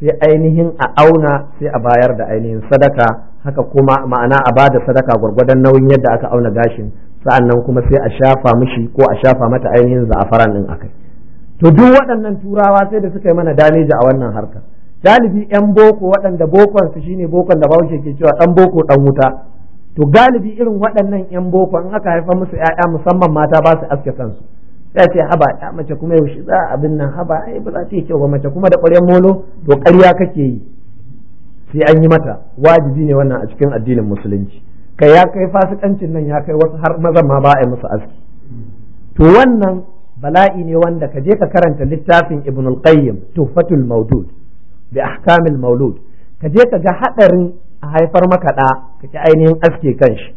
sai ainihin a auna sai a bayar da ainihin sadaka haka kuma ma'ana a bada sadaka gwargwadon nauyin yadda aka auna gashin sa'annan kuma sai a shafa mishi ko a shafa mata ainihin za'afaran din akai to duk waɗannan turawa sai da suka yi mana dameji a wannan harkar galibi yan boko waɗanda bokon su shine bokon da bahaushe ke cewa dan boko dan wuta to galibi irin waɗannan yan boko in aka haifa musu ƴaƴa musamman mata ba su aske su sai ce haba ya mace kuma yaushe za abin nan haba ai ba za ta yi kyau ba mace kuma da ƙwaryen molo to ƙarya kake yi sai an yi mata wajibi ne wannan a cikin addinin musulunci kai ya kai fasikancin nan ya kai wasu har maza ma ba a yi musu aski to wannan bala'i ne wanda ka je ka karanta littafin ibnul qayyim tuhfatul mawdud bi ahkamil maulud ka je ka ga hadarin a haifar maka da ci ainihin aske kanshi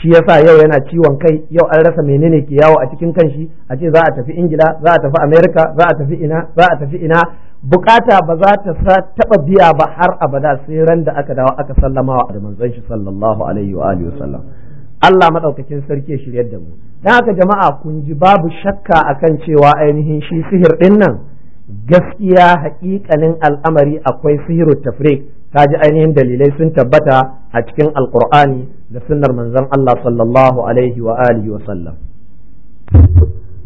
shi yasa yau yana ciwon kai yau an rasa menene ke yawo a cikin kanshi a ce za a tafi ingila za a tafi america za a tafi ina za a tafi ina bukata ba za ta sa taba biya ba har abada sai ran da aka dawo aka sallama wa manzon shi sallallahu alaihi wa alihi wasallam Allah madaukakin sarki ya shiryar da mu dan haka jama'a kun ji babu shakka akan cewa ainihin shi sihir din nan gaskiya haƙiƙanin al'amari akwai sihiru tafrik ta ji ainihin dalilai sun tabbata a cikin alkur'ani da sunnar manzon Allah sallallahu alaihi wa alihi wa sallam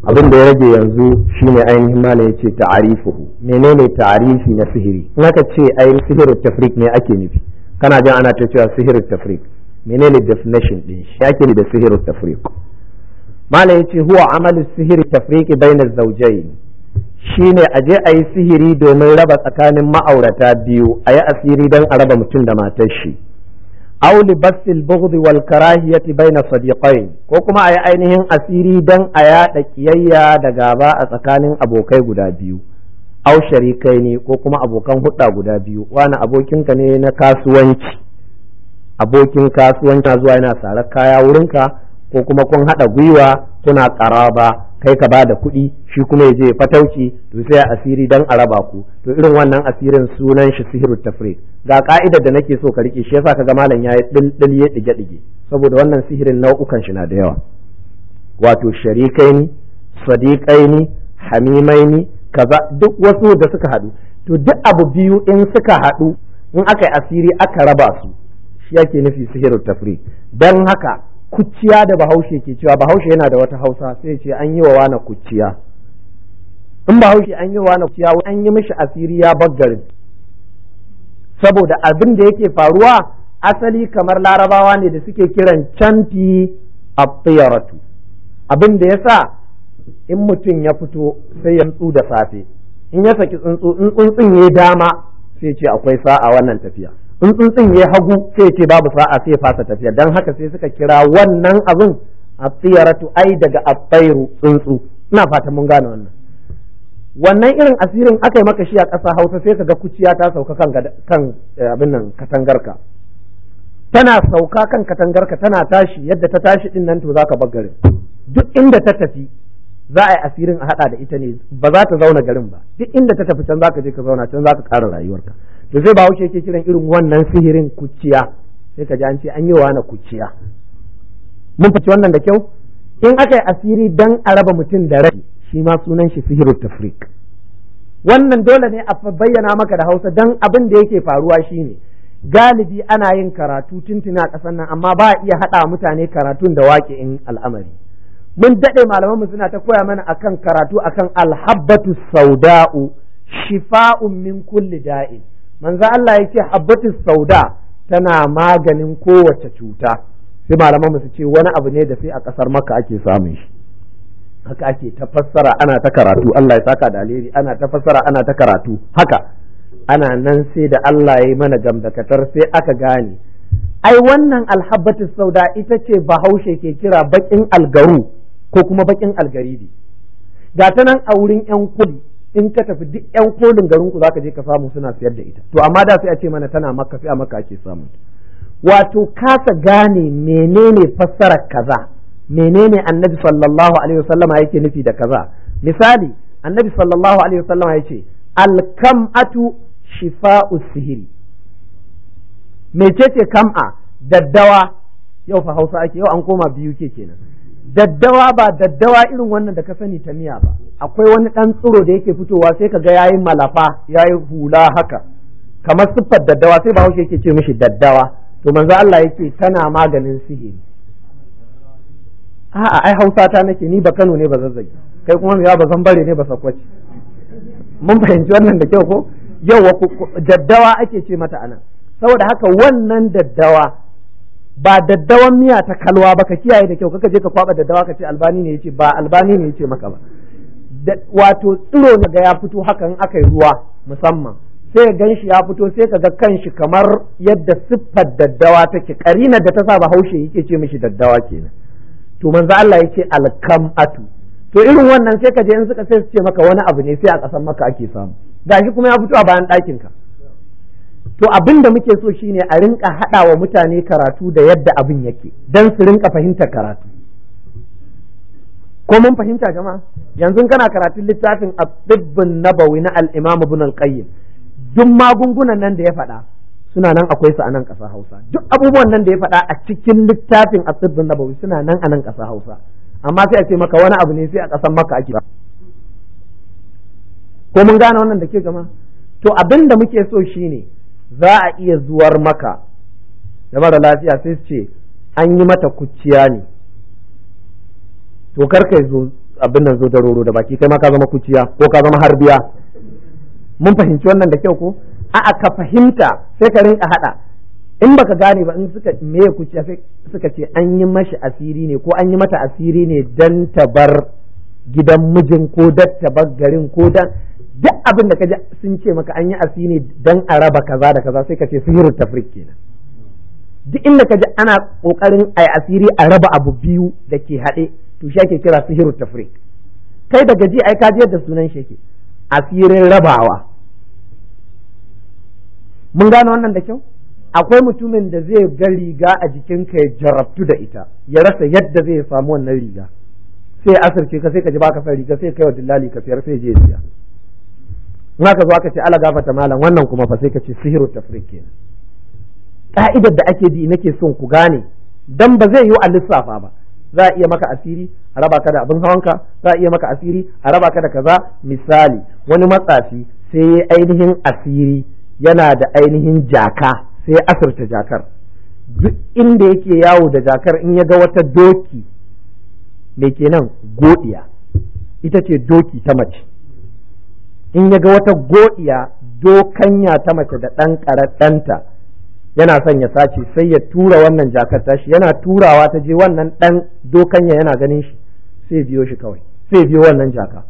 abin da ya rage yanzu shine ainihin mala ya ce ta'arifuhu menene ta'arifi na sihiri in aka ce ainihin sihiru tafrik ne ake nufi kana jin ana ta cewa sihiru tafrik menene definition din shi ake da sihiru tafrik mala ya ce huwa amalu sihiri tafriki bainar zaujai. shine a je a yi sihiri domin raba tsakanin ma'aurata biyu a yi asiri don a raba mutum da matar shi aw li basil bughd wal karahiyati baina sadiqain ko kuma a yi ainihin asiri don a yaɗa ƙiyayya da gaba a tsakanin abokai guda biyu aw sharikai ne ko kuma abokan hudda guda biyu wani abokinka ne na kasuwanci abokin kasuwanci zuwa yana sarar kaya wurinka ko kuma kun haɗa gwiwa kuna ƙaraba kai ka ba da kuɗi shi kuma ya je fatauci to sai asiri dan a raba ku to irin wannan asirin sunan shi sihirut tafrid ga ka'idar da nake so ka rike shi yasa kaga malam yayi yi ya dige dige saboda wannan sihirin nau'ukan shi na da yawa wato sharikaini sadiqaini hamimaini kaza duk wasu da suka haɗu to duk abu biyu in suka haɗu in aka yi asiri aka raba su shi yake nufi sihirut tafrid dan haka kuciya da bahaushe ke cewa bahaushe yana da wata hausa sai ce an yi wa wani kuciya in bahaushe an yi wa wani kuciya an yi mishi asiri ya baggarin saboda abin da yake faruwa asali kamar larabawa ne da suke kiran canti a tsayaratu abin da ya sa in mutum ya fito sai ya tsu da safe in ya saki tsuntsu in tsuntsun ya dama sai ce akwai sa'a wannan tafiya in tsuntsun ya hagu sai ce babu sa'a sai fasa tafiya dan haka sai suka kira wannan abin asiratu ai daga atairu tsuntsu ina fata mun gane wannan wannan irin asirin aka yi maka shi a ƙasa Hausa sai kaga kuciya ta sauka kan kan eh, abin nan katangarka tana sauka kan katangarka tana tashi yadda ta tashi din nan to zaka bar garin duk inda ta tafi za a yi asirin a hada da ita ne ba za ta zauna garin ba duk inda ta tafi can zaka je ka zauna can zaka ƙara rayuwarka to zai ba wuce ke kiran irin wannan sihirin kuciya sai ka ji an ce an yi wa na kuciya mun faci wannan da kyau in aka yi asiri dan a raba mutum da rai shi ma sunan shi sihiru tafrik wannan dole ne a bayyana maka da hausa dan abin da yake faruwa shine galibi ana yin karatu tuntuna a ƙasar nan amma ba a iya haɗa mutane karatun da waƙe in al'amari mun daɗe mu suna ta koya mana akan karatu akan alhabbatu sauda'u shifa'un min kulli da'in manzo Allah ce habbatus sauda tana maganin kowace cuta sai malaman mu su ce wani abu ne da sai a kasar Makka ake samun shi haka ake ta fassara ana ta karatu Allah ya saka da alheri ana ta ana ta karatu haka ana nan sai da Allah ya yi mana gamdakatar sai aka gane ai wannan alhabbatus sauda ita ce bahaushe ke kira baƙin algaru ko kuma baƙin Algaribi. ga ta nan a wurin 'yan kudi in ka tafi duk yan kolin garin ku zaka je ka samu suna siyar da ita to amma da sai a ce mana tana makka sai a makka ake samu wato kasa gane menene fassarar kaza menene annabi sallallahu alaihi wasallama yake nufi da kaza misali annabi sallallahu alaihi wasallama yace alkam'atu shifa'u sihiri mecece kam'a daddawa yau fa hausa ake yau an koma biyu ke kenan daddawa ba daddawa irin wannan da ka sani ta miya ba akwai wani ɗan tsiro da yake fitowa sai ka ga yayi malafa yayi hula haka kamar siffar daddawa sai ba haushe yake ce mishi daddawa to manzo Allah yake tana maganin sihiri a'a ai Hausa ta nake ni ba Kano ne ba zazzagi kai kuma ya ba bare ne ba sakwaci mun fahimci wannan da kyau ko yau daddawa ake ce mata anan saboda haka wannan daddawa ba daddawan miya ta kalwa ba ka kiyaye da kyau kaka je ka kwaba daddawa ka ce albani ne yace ba albani ne yace maka ba wato tsiro ne ga ya fito hakan aka yi ruwa musamman sai gan shi ya fito sai ka ga kanshi kamar yadda siffar daddawa take karinar da ta sa ba bahaushe yake ce mishi daddawa kenan to manzo Allah yake alkam'atu to irin wannan sai ka je in suka sai su ce maka wani abu ne sai a kasan maka ake samu gashi kuma ya fito a bayan ɗakin ka to abin da muke so shine a rinka haɗa wa mutane karatu da yadda abin yake don su rinka fahimtar karatu ko mun fahimta jama'a yanzu kana karatun littafin a tibbun nabawi na al-imam ibn al-qayyim duk magungunan nan da ya faɗa suna nan akwai su a nan ƙasar Hausa duk abubuwan nan da ya faɗa a cikin littafin at-tibbun nabawi suna nan a nan ƙasar Hausa amma sai a ce maka wani abu ne sai a ƙasar maka ake ko mun gane wannan da ke jama'a to abin da muke so shine za a iya zuwar maka da mara lafiya sai su ce an yi mata kuciya ne to karkai zo abin nan zo da roro da baki kai ma ka zama kuciya ko ka zama harbiya mun fahimci wannan da kyau ko a'a ka fahimta sai ka rinka hada in baka gane ba in suka me kuciya sai suka ce an yi mashi asiri ne ko an yi mata asiri ne dan ta bar gidan mijin ko dan ta bar garin ko dan duk abin da ka ji sun ce maka an yi asiri ne dan a raba kaza da kaza sai ka ce sihirul tafrik kenan duk inda ka ji ana kokarin yi asiri a raba abu biyu da ke haɗe to shi ake kira sihirul tafrik kai da gaji ai ka ji yadda sunan shi ke asirin rabawa mun gane wannan da kyau akwai mutumin da zai ga riga a ka ya jarabtu da ita ya rasa yadda zai samu wannan riga sai asirce ka sai ka ji baka san riga sai kai wa dillali ka sayar sai je siya in aka zo aka ce ala gafata malam wannan kuma fa sai ka ce sihiru tafrik kenan ka'idar da ake bi nake son ku gane dan ba zai yi a lissafa ba za a iya maka asiri a raba ka da abin hawanka za a iya maka asiri a raba ka da kaza misali wani matsafi sai ya ainihin asiri yana da ainihin jaka sai ya asirta jakar duk inda yake yawo da jakar in ya ga wata doki mai kenan godiya ita ce doki ta mace in ya ga wata goɗiya dokanya ta mace da ɗan ɗanta yana son ya sace sai ya tura wannan jakar tashi yana turawa ta je wannan ɗan dokanya yana ganin shi sai biyo shi kawai sai biyo wannan jaka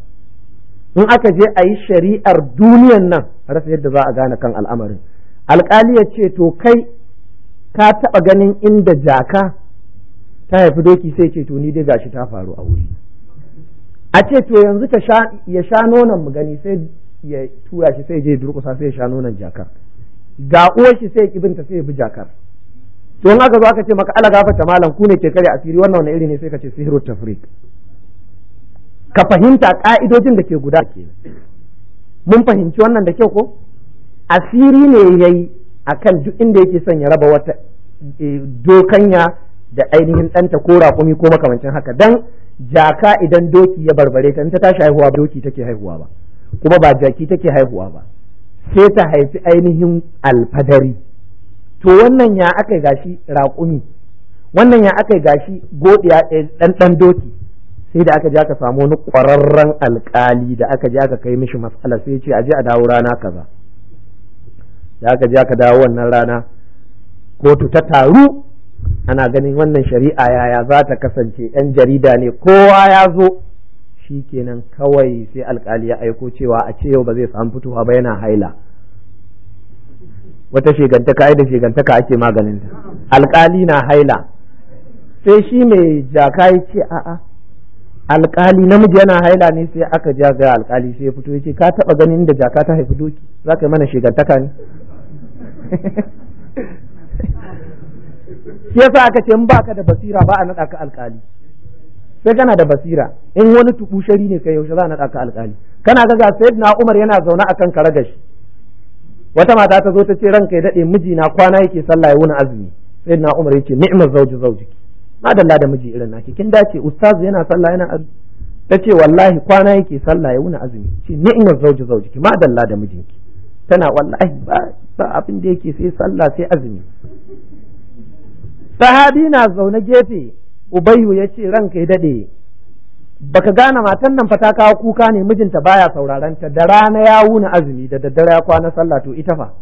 in aka je a yi shari'ar duniyan nan rasa yadda za a gane kan al'amarin alƙali ya ce to kai ka taɓa ganin inda jaka ta haifi doki sai ce to ni dai gashi ta faru a wuri a ce to yanzu ka ya sha nonon mu gani sai ya tura shi sai je durƙusa sai ya sha nonon jakar ga uwar shi sai ya kibinta sai ya bi jakar to in aka zo aka ce maka ala gafarta malam ku ne ke kare asiri wannan wani iri ne sai ka ce sihiru tafrik ka fahimta ka'idojin da ke guda ke mun fahimci wannan da kyau ko asiri ne ya yi a kan duk inda yake son ya raba wata eh, dokanya da ainihin ɗanta ko raƙumi ko makamancin haka dan jaka idan doki ya barbare ta ta tashi haihuwa ba doki take haihuwa ba kuma ba jaki take haihuwa ba sai ta haifi ainihin alfadari to wannan ya aka gashi raƙumi wannan ya aka gashi godiya ɗan doki sai da aka je aka samu wani ƙwararren alƙali da aka je aka kai mishi matsala sai ce a je a dawo rana kaza da aka je aka dawo wannan rana kotu ta taru ana ganin wannan shari'a yaya za ta kasance yan jarida ne kowa ya zo shi kenan kawai sai alkali ya aiko cewa a ce yau ba zai samu fitowa ba yana haila wata shigantaka ai da shigantaka ake maganin ta alkali na haila sai shi mai jaka ya ce a'a alkali namiji yana haila ne sai aka ja ga alkali sai ya fito ya ce ka taba ganin da jaka ta haifi doki za ka yi mana shigantaka ne shi yasa aka ce in baka da basira ba a naɗa ka alƙali sai kana da basira in wani tubu shari ne kai yaushe za a naɗa ka alƙali kana ga ga na Umar yana zaune akan karagar shi wata mata ta zo ta ce ranka ya dade mijina kwana yake sallah ya wuni azumi Sayyid na Umar yake ni'mar zauji zauji madalla da miji irin naki kin dace ustaz yana sallah yana azumi ta ce wallahi kwana yake sallah ya wuni azumi ce ni'mar zauji zauji madalla da mijinki tana wallahi ba abin da yake sai sallah sai azumi sahabi na zaune gefe ubayu ya ce ranka ya daɗe baka gane matan nan fa ta kawo kuka ne mijinta baya sauraron ta da rana ya wuna azumi da daddare ya kwana sallah to ita fa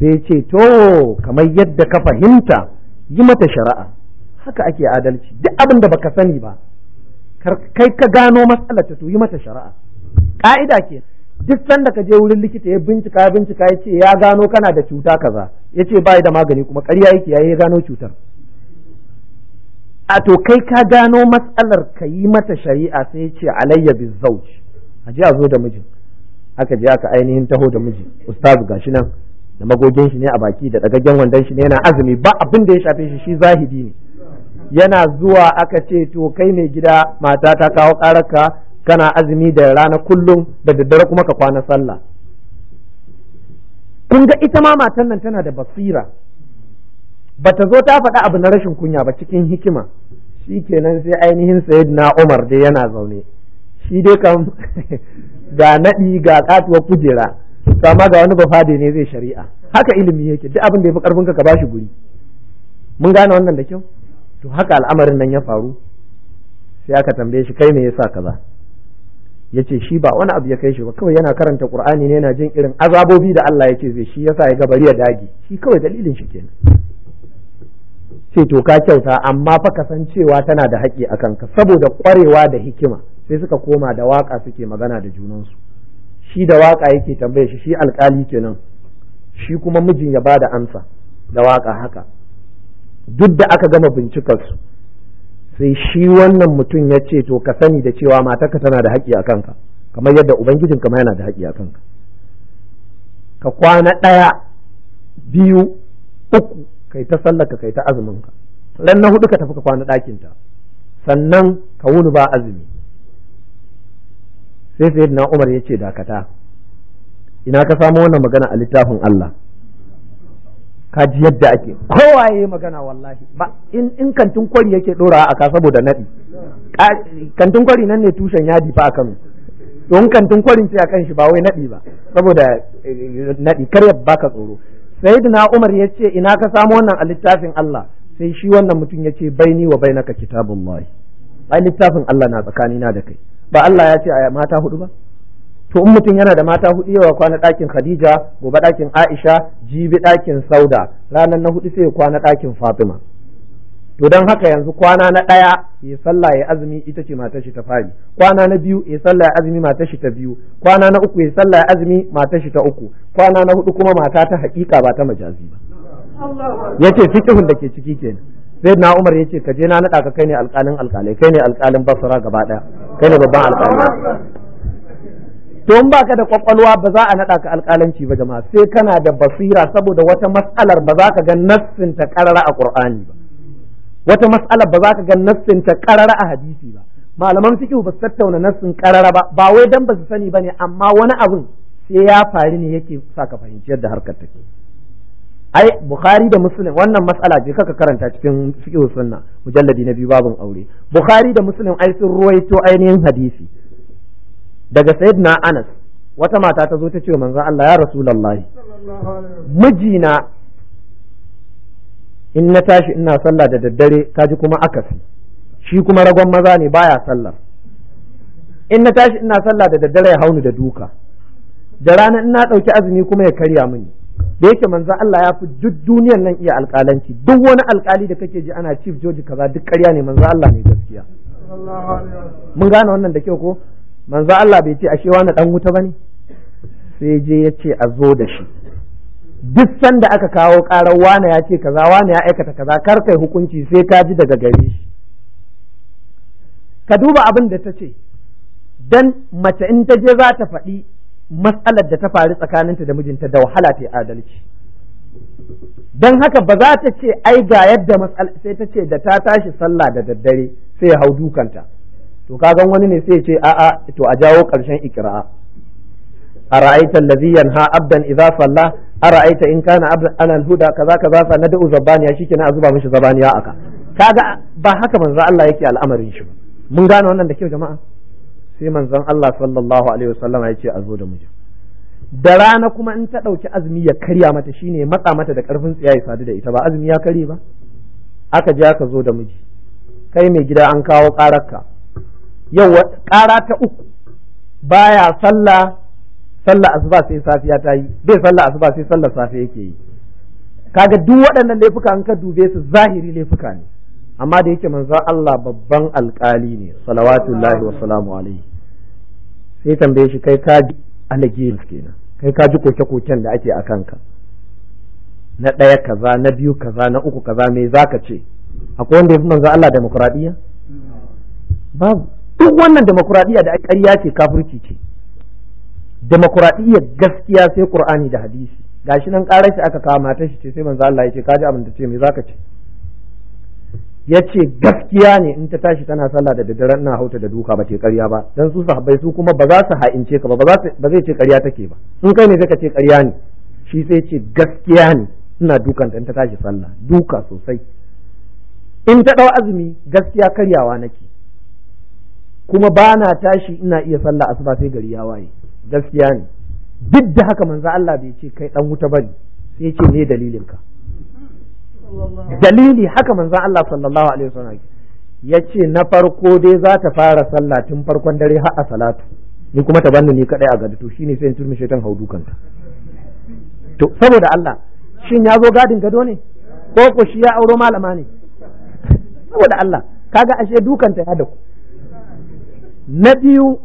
sai ce to kamar yadda ka fahimta yi mata shari'a haka ake adalci duk abin da baka sani ba kai ka gano matsalar ta to yi mata shari'a ƙaida ke duk sanda ka je wurin likita ya bincika ya bincika ya ce ya gano kana da cuta kaza ya ce ba da magani kuma ƙarya yake ya gano cutar a to kai ka gano matsalar ka yi mata shari'a sai ya ce alayya bi zauci a je a zo da mijin aka je aka ainihin taho da miji ustazu gashi nan da magogin shi ne a baki da dagaggen wandon shi ne yana azumi ba abin da ya shafe shi shi zahidi ne yana zuwa aka ce to kai mai gida mata ta kawo ƙararka kana azumi da rana kullum da daddare kuma ka kwana sallah kun ga ita ma matan nan tana da basira ba ta zo ta faɗa abu na rashin kunya ba cikin hikima shi kenan sai ainihin na Umar dai yana zaune shi dai kam ga naɗi ga katuwar kujera sama ga wani bafade ne zai shari'a haka ilimi yake duk abin da ya fi karfin ka ka bashi guri mun gane wannan da kyau to haka al'amarin nan ya faru sai aka tambaye shi kai me yasa kaza yace shi ba wani abu ya kai shi ba kawai yana karanta qur'ani ne yana jin irin azabobi da Allah yake zai shi yasa ya gabari ya dage shi kawai dalilin shi kenan ce to ka kyauta amma fa kasancewa tana da haƙƙi a ka saboda ƙwarewa da hikima sai suka koma da waka suke magana da junansu shi da waƙa yake tambaye shi shi alƙali kenan shi kuma mijin ya bada amsa da waka haka duk da aka gama bincikarsu sai shi wannan mutum ya ce to ka sani da cewa matarka tana da haƙƙi a kanka kamar yadda ubangijin kama yana da haƙƙi a kanka ka kwana ɗaya biyu uku kai ta sallaka kai ta azuminka ran na hudu ka tafi ka kwana ɗakinta sannan ka wuni ba azumi sai na Umar ya ce dakata ina ka samu wannan magana a littafin Allah ka ji yadda ake kowaye magana wallahi ba in kantin kwari yake ɗorawa a ka saboda naɗi kantin kwari nan ne tushen yadi fa a Kano don kantin kwarin ce akan shi ba wai naɗi ba saboda eh, naɗi kar ya baka tsoro sayyidina Umar ya ce ina ka samu wannan a littafin Allah sai shi wannan mutum ya ce baini wa bainaka kitabun mai a' littafin Allah na tsakanina da kai ba Allah ya ce a mata hudu ba to in mutum yana da mata hudu yawa kwana ɗakin Khadija gobe ɗakin Aisha jibi ɗakin Sauda ranar na hudu sai kwana ɗakin Fatima to don haka yanzu kwana na ɗaya ya sallah ya azumi ita ce matar shi ta fari kwana na biyu ya sallah ya azumi matar shi ta biyu kwana na uku ya sallah ya azumi matar shi ta uku kwana na hudu kuma mata ta haƙiƙa ba ta majazi ba yace fiqhun da ke ciki kenan sai na Umar ce ka je na naɗa ka kai ne alƙalin alƙalai kai ne alƙalin Basra gaba ɗaya kai ne babban alƙali to in baka da kwakwalwa ba za a naɗa ka alƙalanci ba jama'a sai kana da basira saboda wata mas'alar ba za ka ga nassin ta karara a Qur'ani ba wata mas'alar ba za ka ga nassin ta karara a hadisi ba malaman fiqh ba su tattauna nassin karara ba ba wai dan ba su sani bane amma wani abu sai ya faru ne yake sa ka fahimci yadda harkar take ai bukhari da muslim wannan mas'ala je kaka karanta cikin fiqh sunna mujalladi na biyu babun aure bukhari da muslim ai sun ruwaito ainihin hadisi daga sayyidina Anas wata mata ta zo ta ce manzo Allah ya rasulullahi mijina in na tashi ina sallah da daddare kaji kuma akasi shi kuma ragon maza ne baya sallah in na tashi ina sallah da daddare ya hauni da duka da rana ina ɗauki azumi kuma ya karya mini da yake manzo Allah ya fi duk duniyar nan iya alƙalanci duk wani alƙali da kake ji ana chief joji kaza duk karya ne manzo Allah ne gaskiya mun gane wannan da kyau ko manzo Allah bai ce ashe wani dan wuta bane sai je ya ce a zo da shi duk sanda aka kawo karar wane ya ce kaza wane ya aikata kaza kar kai hukunci sai ka ji daga gari shi ka duba abin da ta ce dan mace in ta je za ta faɗi matsalar da ta faru tsakaninta da mijinta da wahala ta adalci don haka ba za ta ce ai ga yadda matsala sai ta ce da ta tashi sallah da daddare sai ya hau dukanta to ka kagan wani ne sai ce a'a to a jawo ƙarshen A ara'aita allazi yanha abdan idza salla ara'aita in kana abdan ala huda kaza kaza fa nad'u zabaniya shike a zuba mishi zabaniya aka kaga ba haka manzo Allah yake al'amarin shi mun gane wannan da kyau jama'a sai manzon Allah sallallahu alaihi wasallam yace ce a zo da muje. da rana kuma in ta ɗauki azumi ya karya mata shine matsa mata da karfin tsaya ya sadu da ita ba azumi ya karye ba aka je aka zo da miji kai mai gida an kawo ƙararka yau ƙara ta uku baya sallah sallah asuba sai safiya ta yi bai sallah asuba sai sallah safe yake yi kaga duk waɗannan laifuka an ka dube su zahiri laifuka ne amma da yake manzo Allah babban alƙali ne salawatullahi wa salamu alaihi sai tambaye shi kai ka ji alage kenan kai ka ji koke-koken da ake a kanka na ɗaya kaza na biyu kaza na uku kaza me zaka ce akwai wanda ya fi manzo Allah demokradiya babu duk wannan demokuraɗiyya da ƙarya ce kafirci ce demokuraɗiyya gaskiya sai qur'ani da hadisi gashi nan ƙarar shi aka kawo matar shi ce sai manzo Allah ya ce kaji abin da ce me zaka ce ya gaskiya ne in ta tashi tana sallah da daddare ina hauta da duka ba ta ƙarya ba dan su sahabbai su kuma ba za su ha'ince ka ba ba zai ce ƙarya take ba in kai ne zaka ka ce ƙarya ne shi sai ce gaskiya ne ina dukan ta in ta tashi sallah duka sosai in ta ɗau azumi gaskiya karyawa nake kuma ba na tashi ina iya sallah asuba sai gari ya waye gaskiya ne duk da haka manzo Allah bai ce kai dan wuta bane sai ce me dalilin ka dalili haka manzo Allah sallallahu alaihi wasallam ya ce na farko dai za ta fara sallah tun farkon dare har a salatu ni kuma ta banni ni kadai a gadi to shine sai in turmi shaitan haudu kanta to saboda Allah shin ya zo gadin gado ne ko ko shi ya auro malama ne saboda Allah kaga ashe dukanta ya da ku na biyu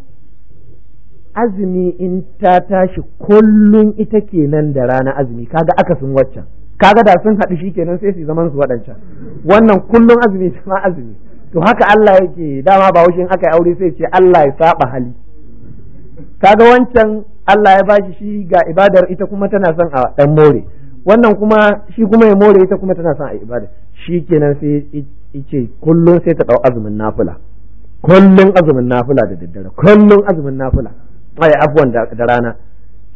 azumi in ta tashi kullum ita kenan da rana azumi kaga akasin waccan kaga da sun haɗu shi kenan sai su zaman su waɗancan wannan kullum azumi ta ma azumi to haka Allah yake dama ba in aka yi aure sai ce Allah ya saba hali kaga wancan Allah ya bashi shi ga ibadar ita kuma tana son a dan more wannan kuma shi kuma ya more ita kuma tana son a ibada shi kenan sai ice kullum sai ta ɗau azumin nafila kullum azumin nafila da daddare kullum azumin nafila ai afwan da rana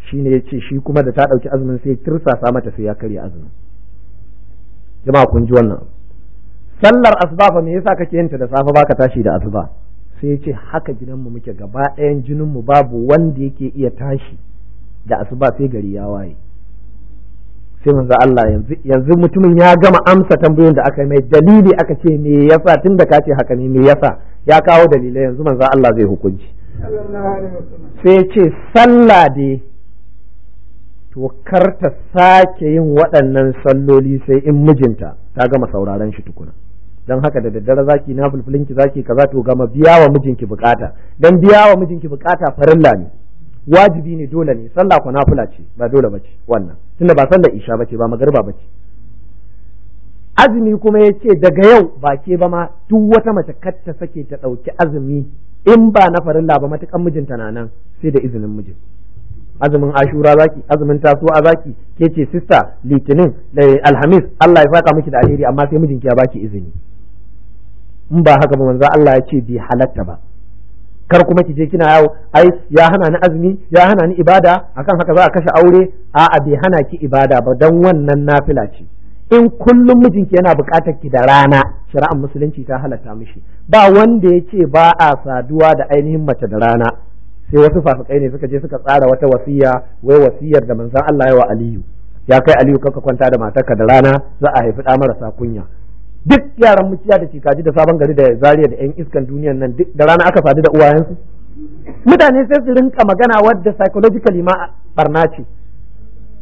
shine yace shi kuma da ta dauki azumin sai tirsasa mata sai ya karya azumin jama'a kun ji wannan sallar asuba fa me yasa kake yin da safe baka tashi da asuba sai yace haka gidanmu muke gaba ɗayan jinin mu babu wanda yake iya tashi da asuba sai gari ya waye sai manzo Allah yanzu yanzu mutumin ya gama amsa tambayoyin da aka mai dalili aka ce me yasa tunda kace haka ne me yasa ya kawo dalilai yanzu manzon Allah zai hukunci sai ce sallah dai to kar ta sake yin waɗannan salloli sai in mijinta ta gama sauraron shi tukuna don haka da daddare zaki na ki zaki kaza to gama biya wa mijinki bukata don biya wa mijinki bukata farin Lami wajibi ne dole ne sallah ko ce ba dole bace wannan tunda ba sallar isha bace ba magariba bace azumi kuma ya ce daga yau ba ke ba ma duk wata mace kar ta sake ta ɗauki azumi in ba na farin laba matukan mijinta na nan sai da izinin mijin azumin ashura zaki azumin tasuwa zaki ke ce sista litinin da alhamis Allah ya faka miki da alheri amma sai mijinki ya baki izini in ba haka ba manzo Allah ya ce bai halatta ba kar kuma ki je kina yawo ai ya hana ni azumi ya hana ni ibada akan haka za a kashe aure a'a bai hana ki ibada ba dan wannan nafila ce in kullum mijinki yana buƙatar ki da rana shari'ar musulunci ta halatta mishi ba wanda ya ce ba a saduwa da ainihin mace da rana sai wasu fafikai ne suka je suka tsara wata wasiya wai wasiyar da manzon Allah ya wa Aliyu ya kai Aliyu kanka kwanta da matarka da rana za a haifi ɗa marasa kunya duk yaran muciya da cikaji da sabon gari da zariya da yan iskan duniyan nan duk da rana aka sadu da uwayensu mutane sai su rinka magana wadda psychologically ma barna ce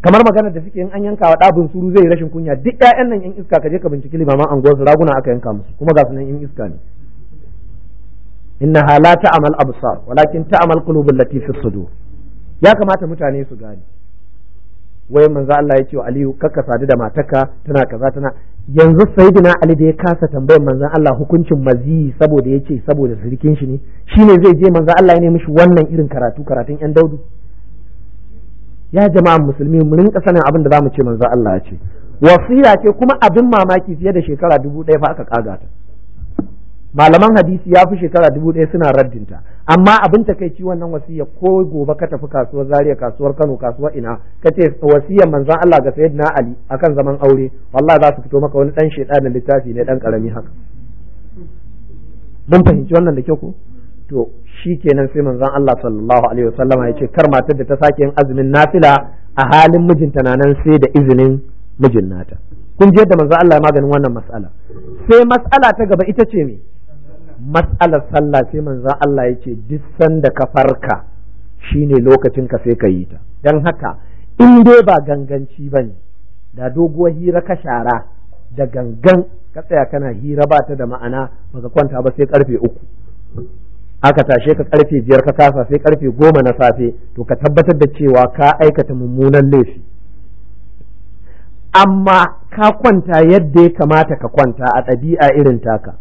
kamar magana da suke in an yanka wa ɗabin suru zai rashin kunya duk ƴaƴan nan yan iska ka je ka binciki limaman anguwar su raguna aka yanka musu kuma ga sunan yan iska ne hala la ta'mal absar walakin ta'mal qulubul lati fi sudur ya kamata mutane su gane wai manzo Allah ya ce wa Aliyu kakka sadu da matarka tana kaza tana yanzu sayyidina Ali da ya kasa tambayar manzo Allah hukuncin mazi saboda yace saboda sirkin shi ne shine zai je manzo Allah ya nemi shi wannan irin karatu karatun yan daudu ya jama'an musulmi mu rinka sanin abin da zamu ce manzo Allah ya ce wasiya ce kuma abin mamaki fiye da shekara dubu ɗaya fa aka kaga ta malaman hadisi ya fi shekara dubu ɗaya suna raddinta amma abin ta kai wannan wasiya ko gobe ka tafi kasuwar zariya kasuwar kano kasuwar ina ka ce wasiya manzon Allah ga sayyidina ali akan zaman aure wallahi za su fito maka wani dan shedanin littafi ne dan karami haka mun fahimci wannan da kyau ko to shi kenan sai manzon Allah sallallahu alaihi wasallama ya ce kar matar da ta sake yin azumin nafila a halin mijinta na nan sai da izinin mijin nata kun je da manzon Allah ya maganin wannan mas'ala sai mas'ala ta gaba ita ce me mas'alar sallah sai manzon Allah ya ce duk sanda ka farka shine lokacin ka sai ka yi ta dan haka in dai ba ganganci bane da doguwar hira ka shara da gangan ka tsaya kana hira ba ta da ma'ana ba ka kwanta ba sai karfe uku aka tashe ka karfe biyar ka kasa sai karfe goma na safe to ka tabbatar da cewa ka aikata mummunan laifi amma ka kwanta yadda ya kamata ka kwanta a ɗabi'a irin taka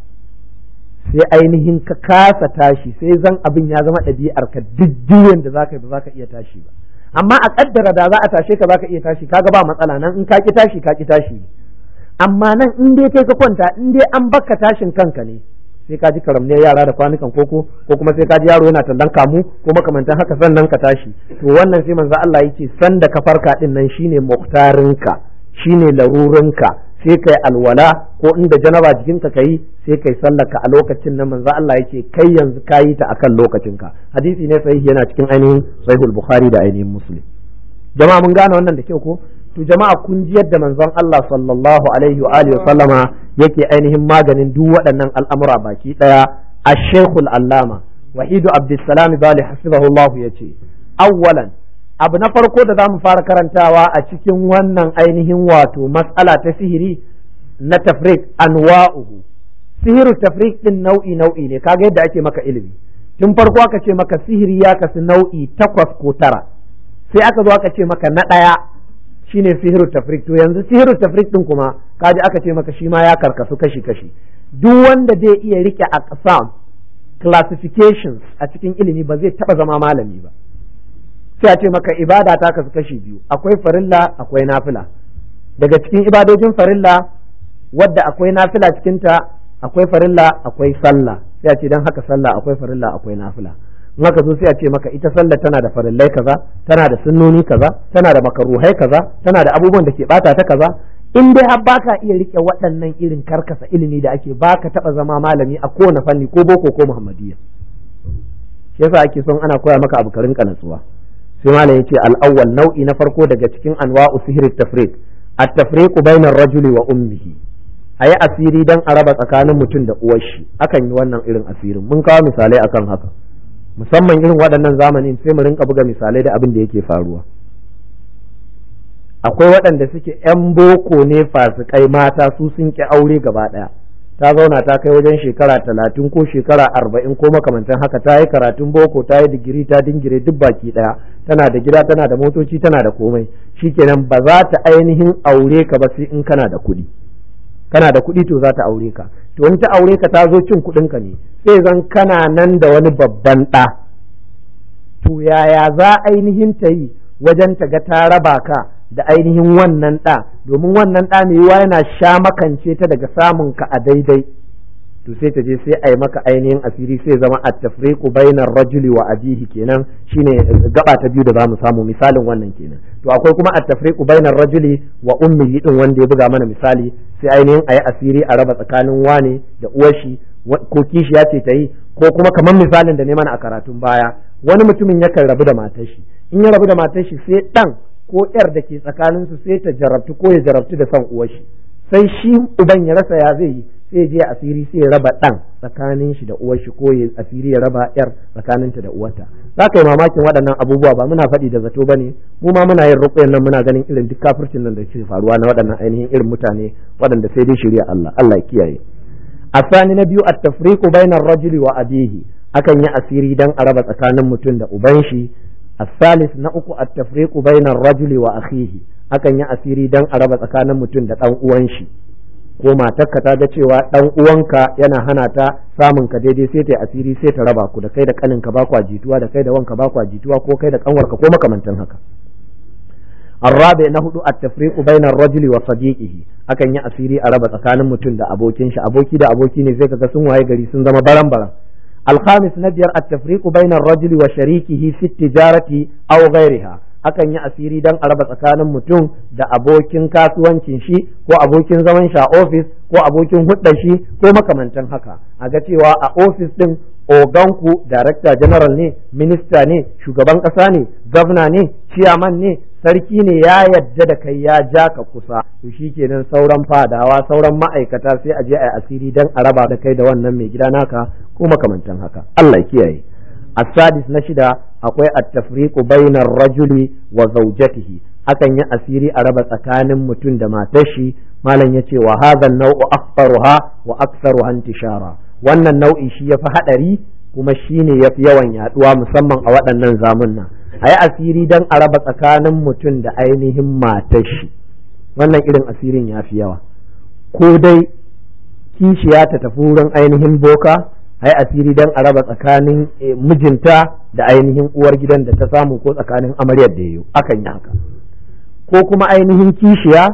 sai ainihin ka kasa tashi sai zan abin ya zama ɗabi'ar ka duk juyin da zaka ba zaka iya tashi ba amma a kaddara da za a tashe ka zaka iya tashi kaga ba matsala nan in ka ki tashi ka ki tashi amma nan in dai kai ka kwanta in dai an baka tashin kanka ne sai ka ji karamne yara da kwanukan koko ko kuma sai ka ji yaro yana tallan kamu ko makamantan haka sannan ka tashi to wannan sai manzo Allah yake san da ka farka din nan shine muktarinka shine larurinka sai kai alwala ko inda janaba jikinka kai sai kai sallaka a lokacin nan manzo Allah yake kai yanzu kayi ta akan lokacinka hadisi ne sahihi yana cikin ainihin sahihul bukhari da ainihin muslim jama'a mun gane wannan da kyau ko to jama'a kun ji yadda manzon Allah sallallahu alaihi wa alihi wa sallama yake ainihin maganin duk waɗannan al'amura baki ɗaya a shekul allama wahidu abdulsalam bali hafizahullahu ya ce awwalan abu na farko da za mu fara karantawa a cikin wannan ainihin wato matsala ta sihiri na tafrik anwa'uhu sihiru tafrik din nau'i nau'i ne kaga yadda ake maka ilimi tun farko aka ce maka sihiri ya kasu nau'i takwas ko tara sai aka zo aka ce maka na ɗaya shine sihiru tafrik to yanzu sihiru tafrik din kuma kaji aka ce maka shi ma ya karkasu kashi kashi duk wanda zai iya rike a ƙasa classifications a cikin ilimi ba zai taba zama malami ba sai a ce maka ibada ta kasu kashi biyu akwai farilla akwai nafila daga cikin ibadojin farilla wadda akwai nafila cikinta akwai farilla akwai sallah sai a ce don haka sallah akwai farilla akwai nafila maka zo sai a ce maka ita sallar tana da farillai kaza tana da sunnoni kaza tana da makaruhai kaza tana da abubuwan da ke bata ta kaza in dai har baka iya rike waɗannan irin karkasa ilimi da ake baka taba zama malami a kowane fanni ko boko ko muhammadiyya shi yasa ake son ana koya maka abu karin kanatsuwa sai malam ya ce awwal nau'i na farko daga cikin anwa'u sihri tafriq at-tafriqu bainar rajuli wa ummihi yi asiri dan a raba tsakanin mutum da uwar shi akan yi wannan irin asirin mun kawo misalai akan haka musamman irin waɗannan zamanin sai mu rinka buga misalai da abin da yake faruwa akwai waɗanda suke 'yan boko ne fasikai mata su sun ƙi aure gaba ɗaya ta zauna ta kai wajen shekara talatin ko shekara arba'in ko makamantan haka ta yi karatun boko ta yi digiri ta dingire duk baki ɗaya tana da gida tana da motoci tana da komai shikenan ba za ta ainihin aure ka ba sai in kana da kuɗi kana da kuɗi to za ta aure ka to in ta aure ka ta zo cin kuɗin ka ne sai zan kana nan da wani babban ɗa to yaya za ainihin ta yi wajen ta ga ta raba ka da ainihin wannan ɗa domin wannan ɗa mai yiwa yana sha makance ta daga samun ka a daidai to sai ta je sai a yi maka ainihin asiri sai zama a tafriku bainar rajuli wa abihi kenan shine eh, gaba ta biyu da za mu samu misalin wannan kenan to akwai kuma a tafriku bainar rajuli wa ummihi din wanda ya buga mana misali sai ainihin a yi asiri a raba tsakanin wane da uwashi ko kishiya ce ta yi ko kuma kamar misalin da neman a karatun baya wani mutumin yakan rabu da matar in ya rabu da matar shi sai ɗan ko yar da ke tsakaninsu sai ta jarabtu ko ya jarabtu da son uwashi sai shi uban ya rasa ya zai yi sai je asiri sai raba ɗan tsakanin shi da uwar shi ko ya asiri ya raba yar tsakaninta da uwarta za ka yi mamakin waɗannan abubuwa ba muna faɗi da zato ne mu ma muna yin ruƙuyan nan muna ganin irin duk kafircin nan da ke faruwa na waɗannan ainihin irin mutane waɗanda sai dai shirya Allah Allah ya kiyaye asani na biyu at-tafriqu bainar rajuli wa abihi akan yi asiri dan a raba tsakanin mutum da uban shi na uku الثالث bai التفريق rajuli wa akhihi akan yi asiri dan a raba tsakanin mutum da ɗan uwan shi ko matarka ta ga cewa dan uwanka yana hana ta samun ka daidai sai ta asiri sai ta raba ku da kai da ka ba kwa jituwa da kai da wanka ba kwa jituwa ko kai da kanwarka ko makamantan haka الرابع نهدو التفريق بين wa وصديقه akan yi asiri a raba tsakanin mutum da abokin shi aboki da aboki ne zai kaga sun waye gari sun zama baran baran alkhamis na biyar at-tafriqu bayna rajuli wa sharikihi fi tijarati aw ghayriha akan yi asiri dan a raba tsakanin mutum da abokin kasuwancin shi ko abokin zaman shi a ofis ko abokin hudda shi ko makamantan haka a ga cewa a ofis din oganku director general ne minista ne shugaban kasa ne gwamna ne ciyaman ne sarki ne ya yadda da kai ya ja ka kusa to kenan sauran fadawa sauran ma'aikata sai a je a yi asiri dan a raba da kai da wannan mai gida naka ko makamantan haka Allah ya kiyaye a asadis na shida akwai at bainar rajuli wa zaujatihi akan yi asiri a raba tsakanin mutum da matar shi malam ce wa hadha an-naw'u aktharuha wa aktharuha wannan nau'i shi yafi hadari kuma shine yafi yawan yaduwa musamman a waɗannan zamun nan a yi asiri dan a raba tsakanin mutum da ainihin matar wannan irin asirin yafi yawa ko dai kishiya ta tafi wurin ainihin boka ai asiri dan a raba tsakanin eh, mijinta da ainihin uwar gidan da ta samu ko tsakanin amaryar da yayo akan yi haka ko kuma ainihin kishiya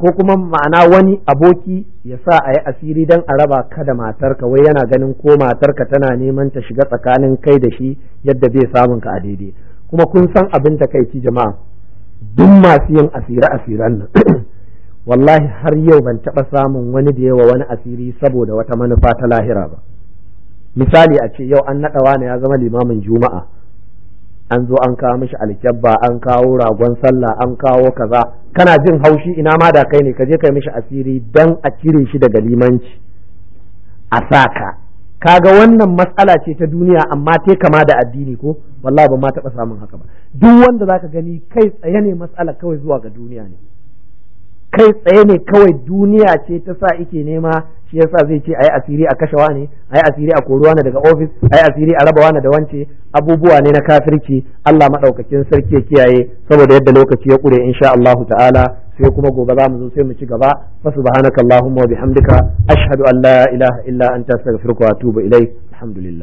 ko kuma ma'ana wani aboki ya sa a yi asiri dan a raba ka da matarka wai yana ganin ko matarka tana neman ta shiga tsakanin kai da shi yadda bai samun ka a daidai kuma kun san abin da kai ci jama'a duk masu yin asira asiran nan wallahi har yau ban taɓa samun wani da yawa wani asiri saboda wata manufa ta lahira ba misali a ce yau an naɗa wani ya zama limamin juma'a an zo an kawo mishi alkyabba an kawo ragon sallah an kawo kaza kana jin haushi ina ma da kai ne ka je kai mishi asiri dan a cire shi daga limanci a saka kaga wannan matsala ce ta duniya amma te kama da addini ko wallahi ba ma taɓa samun haka ba duk wanda zaka gani kai tsaye ne matsala kawai zuwa ga duniya ne kai tsaye ne kawai duniya ce ta sa ike nema shi yasa zai ce ayi asiri a kashe wani ayi asiri a kori wani daga ofis ayi asiri a raba wani da wance abubuwa ne na kafirci Allah madaukakin sarki ya kiyaye saboda yadda lokaci ya kure insha Allah ta'ala sai kuma gobe za mu zo sai mu ci gaba fa subhanakallahumma wa bihamdika ashhadu an la ilaha illa anta astaghfiruka wa atubu ilaik alhamdulillah